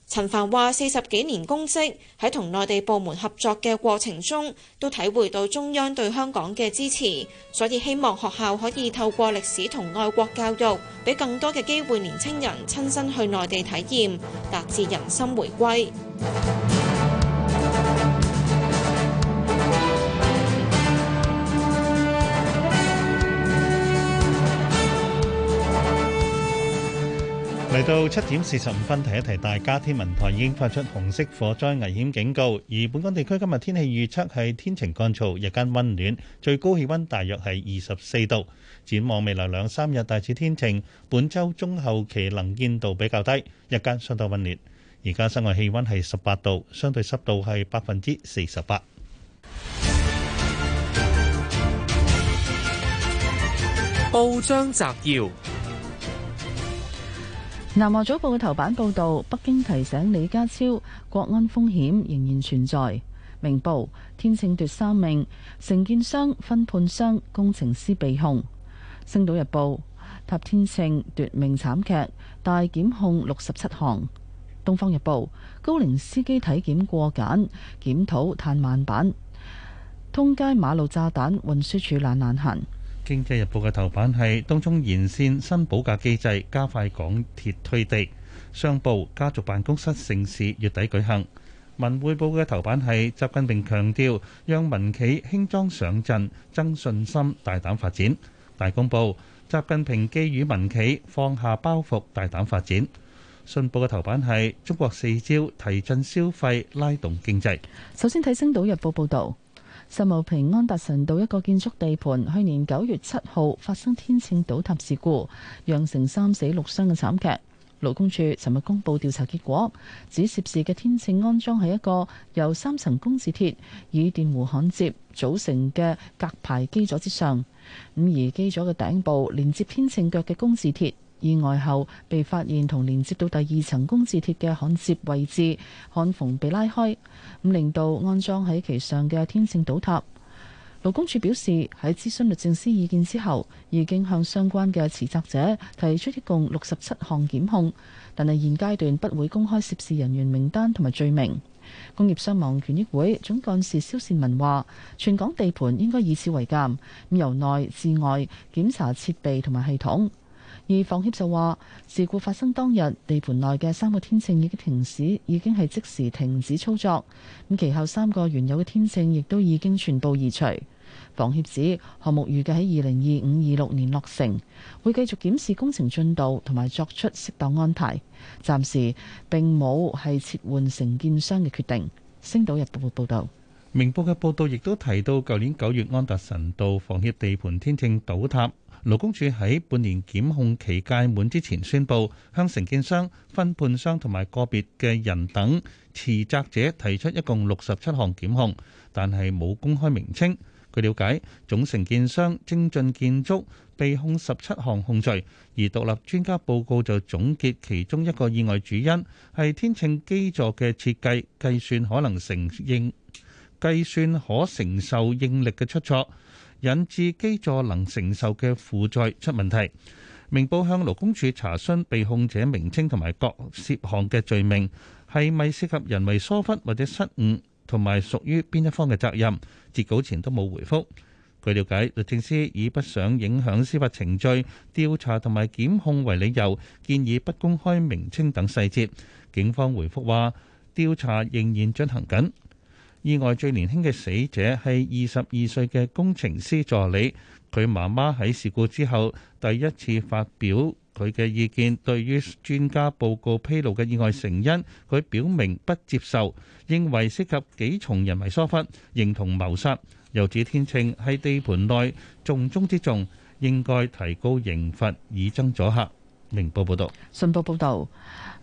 陳帆話：四十幾年公職喺，同內地部門合作嘅過程中，都體會到中央對香港嘅支持，所以希望學校可以透過歷史同愛國教育，俾更多嘅機會年輕人，親身去內地體驗，達至人心回歸。嚟到七點四十五分，提一提大家，天文台已經發出紅色火災危險警告。而本港地區今日天氣預測係天晴乾燥，日間温暖，最高氣温大約係二十四度。展望未來兩三日大致天晴，本週中後期能見度比較低，日間相當溫暖。而家室外氣温係十八度，相對濕度係百分之四十八。報章摘要。南華早報嘅頭版報道，北京提醒李家超，國安風險仍然存在。明報，天秤奪三命，承建商分判商工程師被控。星島日報，塔天秤奪命慘劇，大檢控六十七項。東方日報，高齡司機體檢過簡，檢討嘆慢板。通街馬路炸彈，運輸署懶懶閒。經濟日報嘅頭版係東涌延線新補價機制加快港鐵推地，商報家族辦公室盛事月底舉行。文匯報嘅頭版係習近平強調讓民企輕裝上陣增信心大膽發展。大公報習近平寄語民企放下包袱大膽發展。信報嘅頭版係中國四招提振消費拉動經濟。首先睇星島日報報道。秀茂坪安達臣道一個建築地盤，去年九月七號發生天秤倒塌事故，釀成三死六傷嘅慘劇。勞工處尋日公布調查結果，指涉事嘅天秤安裝喺一個由三層工字鐵以電弧焊接組成嘅隔排基座之上，咁而基座嘅頂部連接天秤腳嘅工字鐵。意外後被發現同連接到第二層工字鐵嘅焊接位置焊縫被拉開，咁令到安裝喺其上嘅天秤倒塌。勞工處表示喺諮詢律政司意見之後，已經向相關嘅辭責者提出一共六十七項檢控，但係現階段不會公開涉事人員名單同埋罪名。工業傷亡權益會總幹事蕭善文話：全港地盤應該以此為鑑，咁由內至外檢查設備同埋系統。而房協就話，事故發生當日，地盤內嘅三個天秤已經停止，已經係即時停止操作。咁其後三個原有嘅天秤亦都已經全部移除。房協指項目預計喺二零二五、二六年落成，會繼續檢視工程進度同埋作出適當安排，暫時並冇係撤換承建商嘅決定。星島日報嘅報導，明報嘅報導亦都提到，舊年九月安達臣道房協地盤天秤倒塌。勞工處喺半年檢控期屆滿之前宣布，向承建商、分判商同埋個別嘅人等持責者，提出一共六十七項檢控，但係冇公開名稱。據了解，總承建商精進建築被控十七項控罪，而獨立專家報告就總結其中一個意外主因係天秤基座嘅設計計算可能承認計算可承受應力嘅出錯。引致基座能承受嘅負載出問題。明報向勞工處查詢被控者名稱同埋各涉項嘅罪名，係咪涉及人為疏忽或者失誤，同埋屬於邊一方嘅責任？截稿前都冇回覆。據瞭解，律政司以不想影響司法程序調查同埋檢控為理由，建議不公開名稱等細節。警方回覆話，調查仍然進行緊。意外最年輕嘅死者係二十二歲嘅工程師助理，佢媽媽喺事故之後第一次發表佢嘅意見，對於專家報告披露嘅意外成因，佢表明不接受，認為涉及幾重人為疏忽，認同謀殺。又指天秤喺地盤內重中之重，應該提高刑罰以增阻嚇。明報報道，信報報道。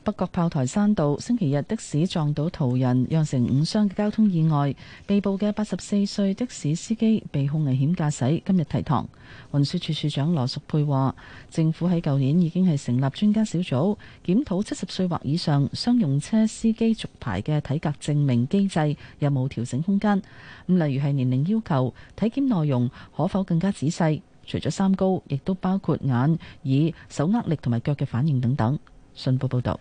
北角炮台山道星期日的士撞到途人，釀成五傷嘅交通意外。被捕嘅八十四歲的的士司機被控危險駕駛，今日提堂。運輸署署長羅淑佩話，政府喺舊年已經係成立專家小組，檢討七十歲或以上商用車司機續牌嘅體格證明機制有冇調整空間。咁，例如係年齡要求、體檢內容，可否更加仔細？除咗三高，亦都包括眼、耳、手握力同埋腳嘅反應等等。信報報道。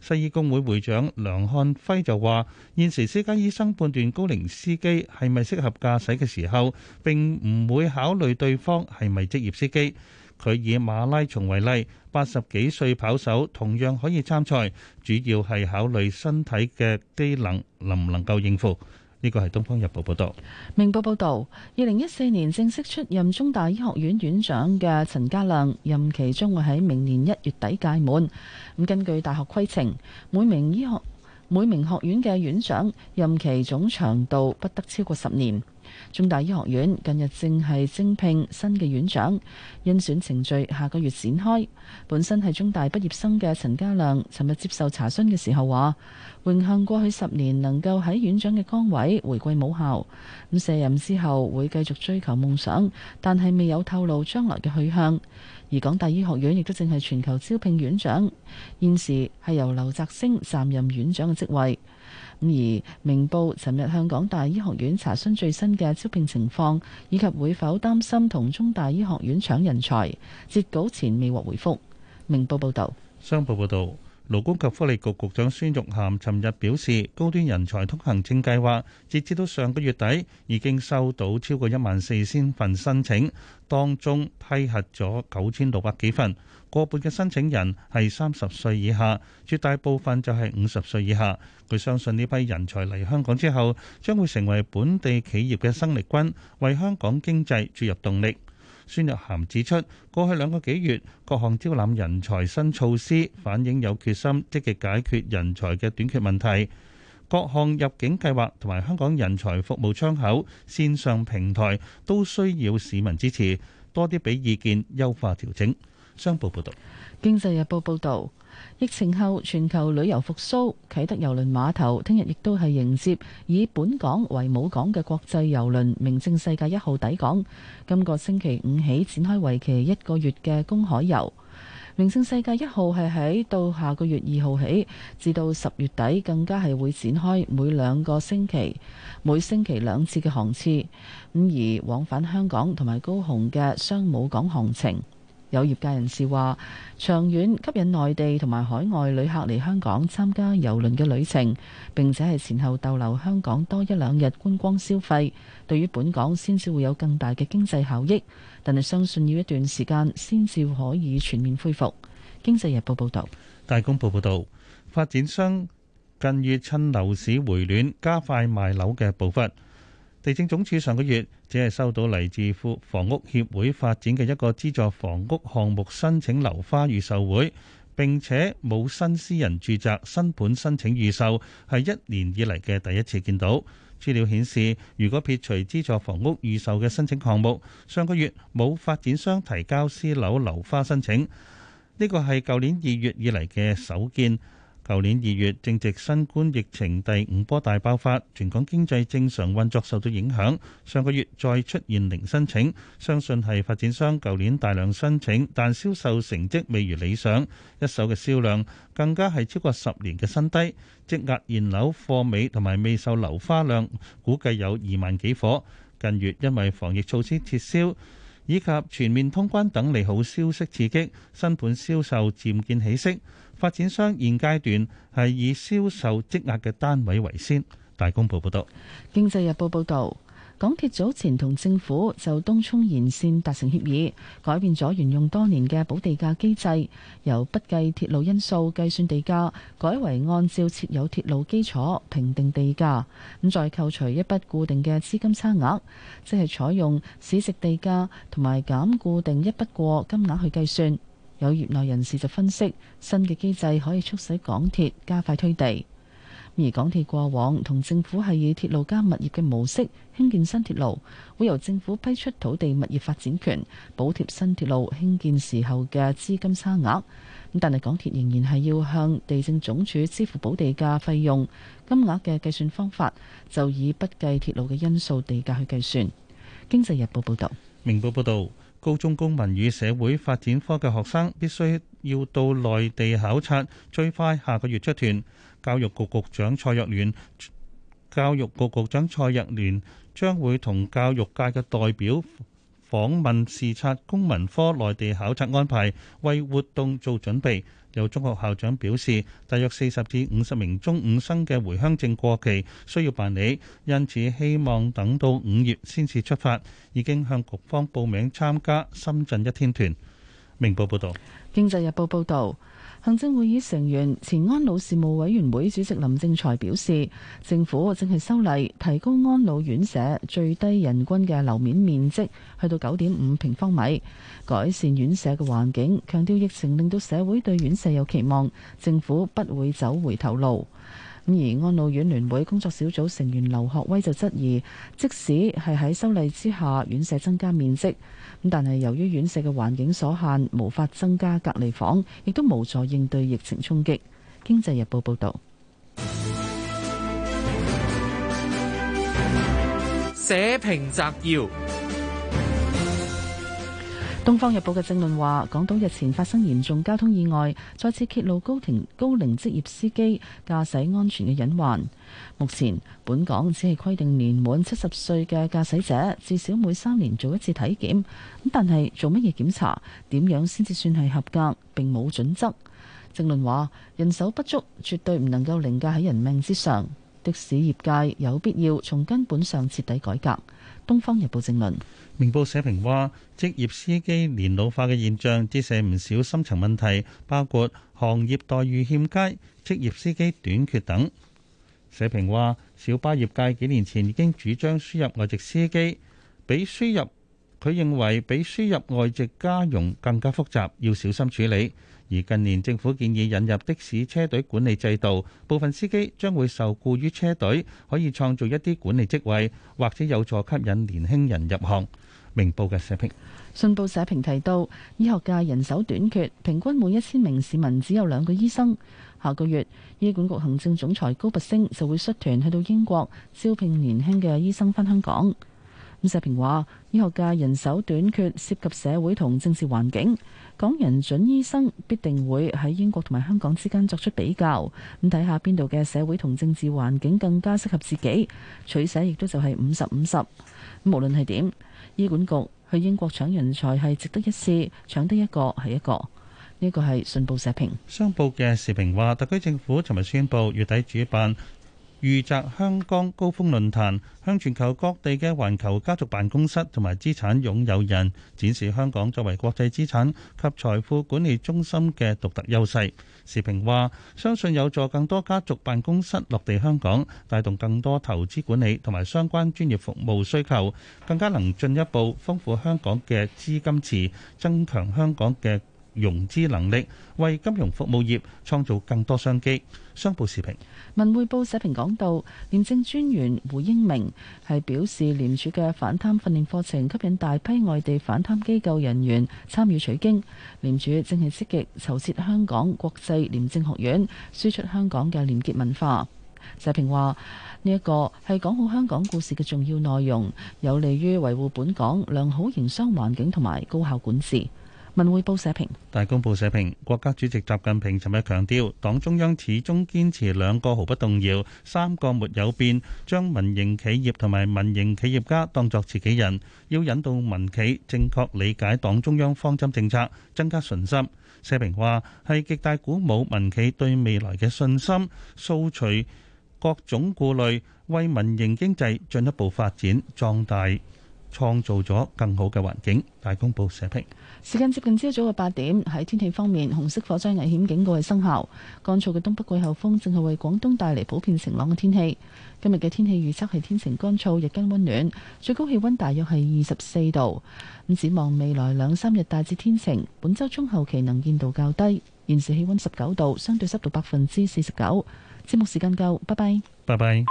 西醫工會會長梁漢輝就話，現時私家醫生判斷高齡司機係咪適合駕駛嘅時候，並唔會考慮對方係咪職業司機。佢以馬拉松為例，八十幾歲跑手同樣可以參賽，主要係考慮身體嘅機能能唔能夠應付。呢個係《東方日報》報道，明報報道，二零一四年正式出任中大醫學院院長嘅陳家亮，任期將會喺明年一月底屆滿。咁根據大學規程，每名醫學每名學院嘅院長任期總長度不得超過十年。中大醫學院近日正係徵聘新嘅院長，甄選程序下個月展開。本身係中大畢業生嘅陳家亮，尋日接受查詢嘅時候話。榮幸過去十年能夠喺院長嘅崗位回歸母校，咁卸任之後會繼續追求夢想，但係未有透露將來嘅去向。而港大醫學院亦都正係全球招聘院長，現時係由劉澤星暫任院長嘅職位。咁而明報尋日向港大醫學院查詢最新嘅招聘情況，以及會否擔心同中大醫學院搶人才，截稿前未獲回覆明報報道，商報報道。勞工及福利局局長孫玉菡尋日表示，高端人才通行證計劃截至到上個月底，已經收到超過一萬四千份申請，當中批核咗九千六百幾份，過半嘅申請人係三十歲以下，絕大部分就係五十歲以下。佢相信呢批人才嚟香港之後，將會成為本地企業嘅生力軍，為香港經濟注入動力。孫玉菡指出，過去兩個幾月，各項招攬人才新措施反映有決心，積極解決人才嘅短缺問題。各項入境計劃同埋香港人才服務窗口線上平台都需要市民支持，多啲俾意見，優化調整。商報報道。經濟日報報道，疫情後全球旅遊復蘇，啟德郵輪碼頭聽日亦都係迎接以本港為母港嘅國際郵輪“名勝世界一號”抵港。今個星期五起展開為期一個月嘅公海遊，“名勝世界一號”係喺到下個月二號起至到十月底，更加係會展開每兩個星期、每星期兩次嘅航次。咁而往返香港同埋高雄嘅雙母港航程。有業界人士話，長遠吸引內地同埋海外旅客嚟香港參加郵輪嘅旅程，並且係前後逗留香港多一兩日觀光消費，對於本港先至會有更大嘅經濟效益。但係相信要一段時間先至可以全面恢復。經濟日報報道，大公報報道，發展商近月趁樓市回暖，加快賣樓嘅步伐。地政總署上個月只係收到嚟自房屋協會發展嘅一個資助房屋項目申請樓花預售會，並且冇新私人住宅新盤申請預售，係一年以嚟嘅第一次見到。資料顯示，如果撇除資助房屋預售嘅申請項目，上個月冇發展商提交私樓樓花申請，呢個係舊年二月以嚟嘅首見。舊年二月正值新冠疫情第五波大爆發，全港經濟正常運作受到影響。上個月再出現零申請，相信係發展商舊年大量申請，但銷售成績未如理想。一手嘅銷量更加係超過十年嘅新低，積壓現樓貨尾同埋未售樓花量，估計有二萬幾夥。近月因為防疫措施撤銷，以及全面通關等利好消息刺激，新盤銷售漸見起色。發展商現階段係以銷售積壓嘅單位為先。大公報報道。《經濟日報》報道。港鐵早前同政府就東涌沿線達成協議，改變咗沿用多年嘅補地價機制，由不計鐵路因素計算地價，改為按照設有鐵路基礎評定地價，咁再扣除一筆固定嘅資金差額，即係採用市值地價同埋減固定一筆過金額去計算。有業內人士就分析，新嘅機制可以促使港鐵加快推地。而港鐵過往同政府係以鐵路加物業嘅模式興建新鐵路，會由政府批出土地物業發展權，補貼新鐵路興建時候嘅資金差額。咁但係港鐵仍然係要向地政總署支付補地價費用，金額嘅計算方法就以不計鐵路嘅因素地價去計算。經濟日報報道。明報報道，高中公民與社會發展科嘅學生必須要到內地考察，最快下個月出團。教育局局長蔡若蓮，教育局局長蔡若蓮將會同教育界嘅代表訪問視察公民科內地考察安排，為活動做準備。有中學校長表示，大約四十至五十名中五生嘅回鄉證過期，需要辦理，因此希望等到五月先至出發。已經向局方報名參加深圳一天團。明報報道，經濟日報報道。行政會議成員、前安老事務委員會主席林正財表示，政府正係修例提高安老院舍最低人均嘅樓面面積，去到九點五平方米，改善院舍嘅環境。強調疫情令到社會對院舍有期望，政府不會走回頭路。而安老院聯會工作小組成員劉學威就質疑，即使係喺修例之下，院舍增加面積，咁但係由於院舍嘅環境所限，無法增加隔離房，亦都無助應對疫情衝擊。經濟日報報道。社評摘要。《東方日報》嘅正論話，港島日前發生嚴重交通意外，再次揭露高庭高齡職業司機駕駛安全嘅隱患。目前本港只係規定年滿七十歲嘅駕駛者至少每三年做一次體檢，咁但係做乜嘢檢查，點樣先至算係合格，並冇準則。正論話，人手不足絕對唔能夠凌駕喺人命之上，的士業界有必要從根本上徹底改革。《東方日報》正論。明報社評話，職業司機年老化嘅現象折射唔少深層問題，包括行業待遇欠佳、職業司機短缺等。社評話，小巴業界幾年前已經主張輸入外籍司機，比輸入，佢認為比輸入外籍家傭更加複雜，要小心處理。而近年政府建議引入的士車隊管理制度，部分司機將會受雇於車隊，可以創造一啲管理職位，或者有助吸引年輕人入行。明報嘅社評。信報社評提到，醫學界人手短缺，平均每一千名市民只有兩個醫生。下個月，醫管局行政總裁高拔升就會率團去到英國，招聘年輕嘅醫生返香港。咁社評話：醫學界人手短缺，涉及社會同政治環境。港人準醫生必定會喺英國同埋香港之間作出比較，咁睇下邊度嘅社會同政治環境更加適合自己。取捨亦都就係五十五十。咁無論係點，醫管局去英國搶人才係值得一試，搶得一個係一個。呢個係信報社評。商報嘅時評話：特區政府尋日宣布月底主辦。裕澤香港高峯論壇，向全球各地嘅環球家族辦公室同埋資產擁有人展示香港作為國際資產及財富管理中心嘅獨特優勢。時平話：相信有助更多家族辦公室落地香港，帶動更多投資管理同埋相關專業服務需求，更加能進一步豐富香港嘅資金池，增強香港嘅融資能力為金融服務業創造更多商機。商報視評：文匯報社評講到，廉政專員胡英明係表示，廉署嘅反貪訓練課程吸引大批外地反貪機構人員參與取經，廉署正係積極籌設香港國際廉政學院，輸出香港嘅廉潔文化。社評話呢一個係講好香港故事嘅重要內容，有利於維護本港良好營商環境同埋高效管治。文匯報社評。大公報社評，國家主席習近平尋日強調，黨中央始終堅持兩個毫不動搖、三個沒有變，將民營企業同埋民營企業家當作自己人，要引導民企正確理解黨中央方針政策，增加信心。社評話係極大鼓舞民企對未來嘅信心，掃除各種顧慮，為民營經濟進一步發展壯大創造咗更好嘅環境。大公報社評。時間接近朝早嘅八點，喺天氣方面，紅色火災危險警告係生效。乾燥嘅東北季候風正係為廣東帶嚟普遍晴朗嘅天氣。今日嘅天氣預測係天晴乾燥，日間溫暖，最高氣溫大約係二十四度。咁展望未來兩三日大致天晴，本周中後期能見度較低。現時氣溫十九度，相對濕度百分之四十九。節目時間夠，拜拜，拜拜。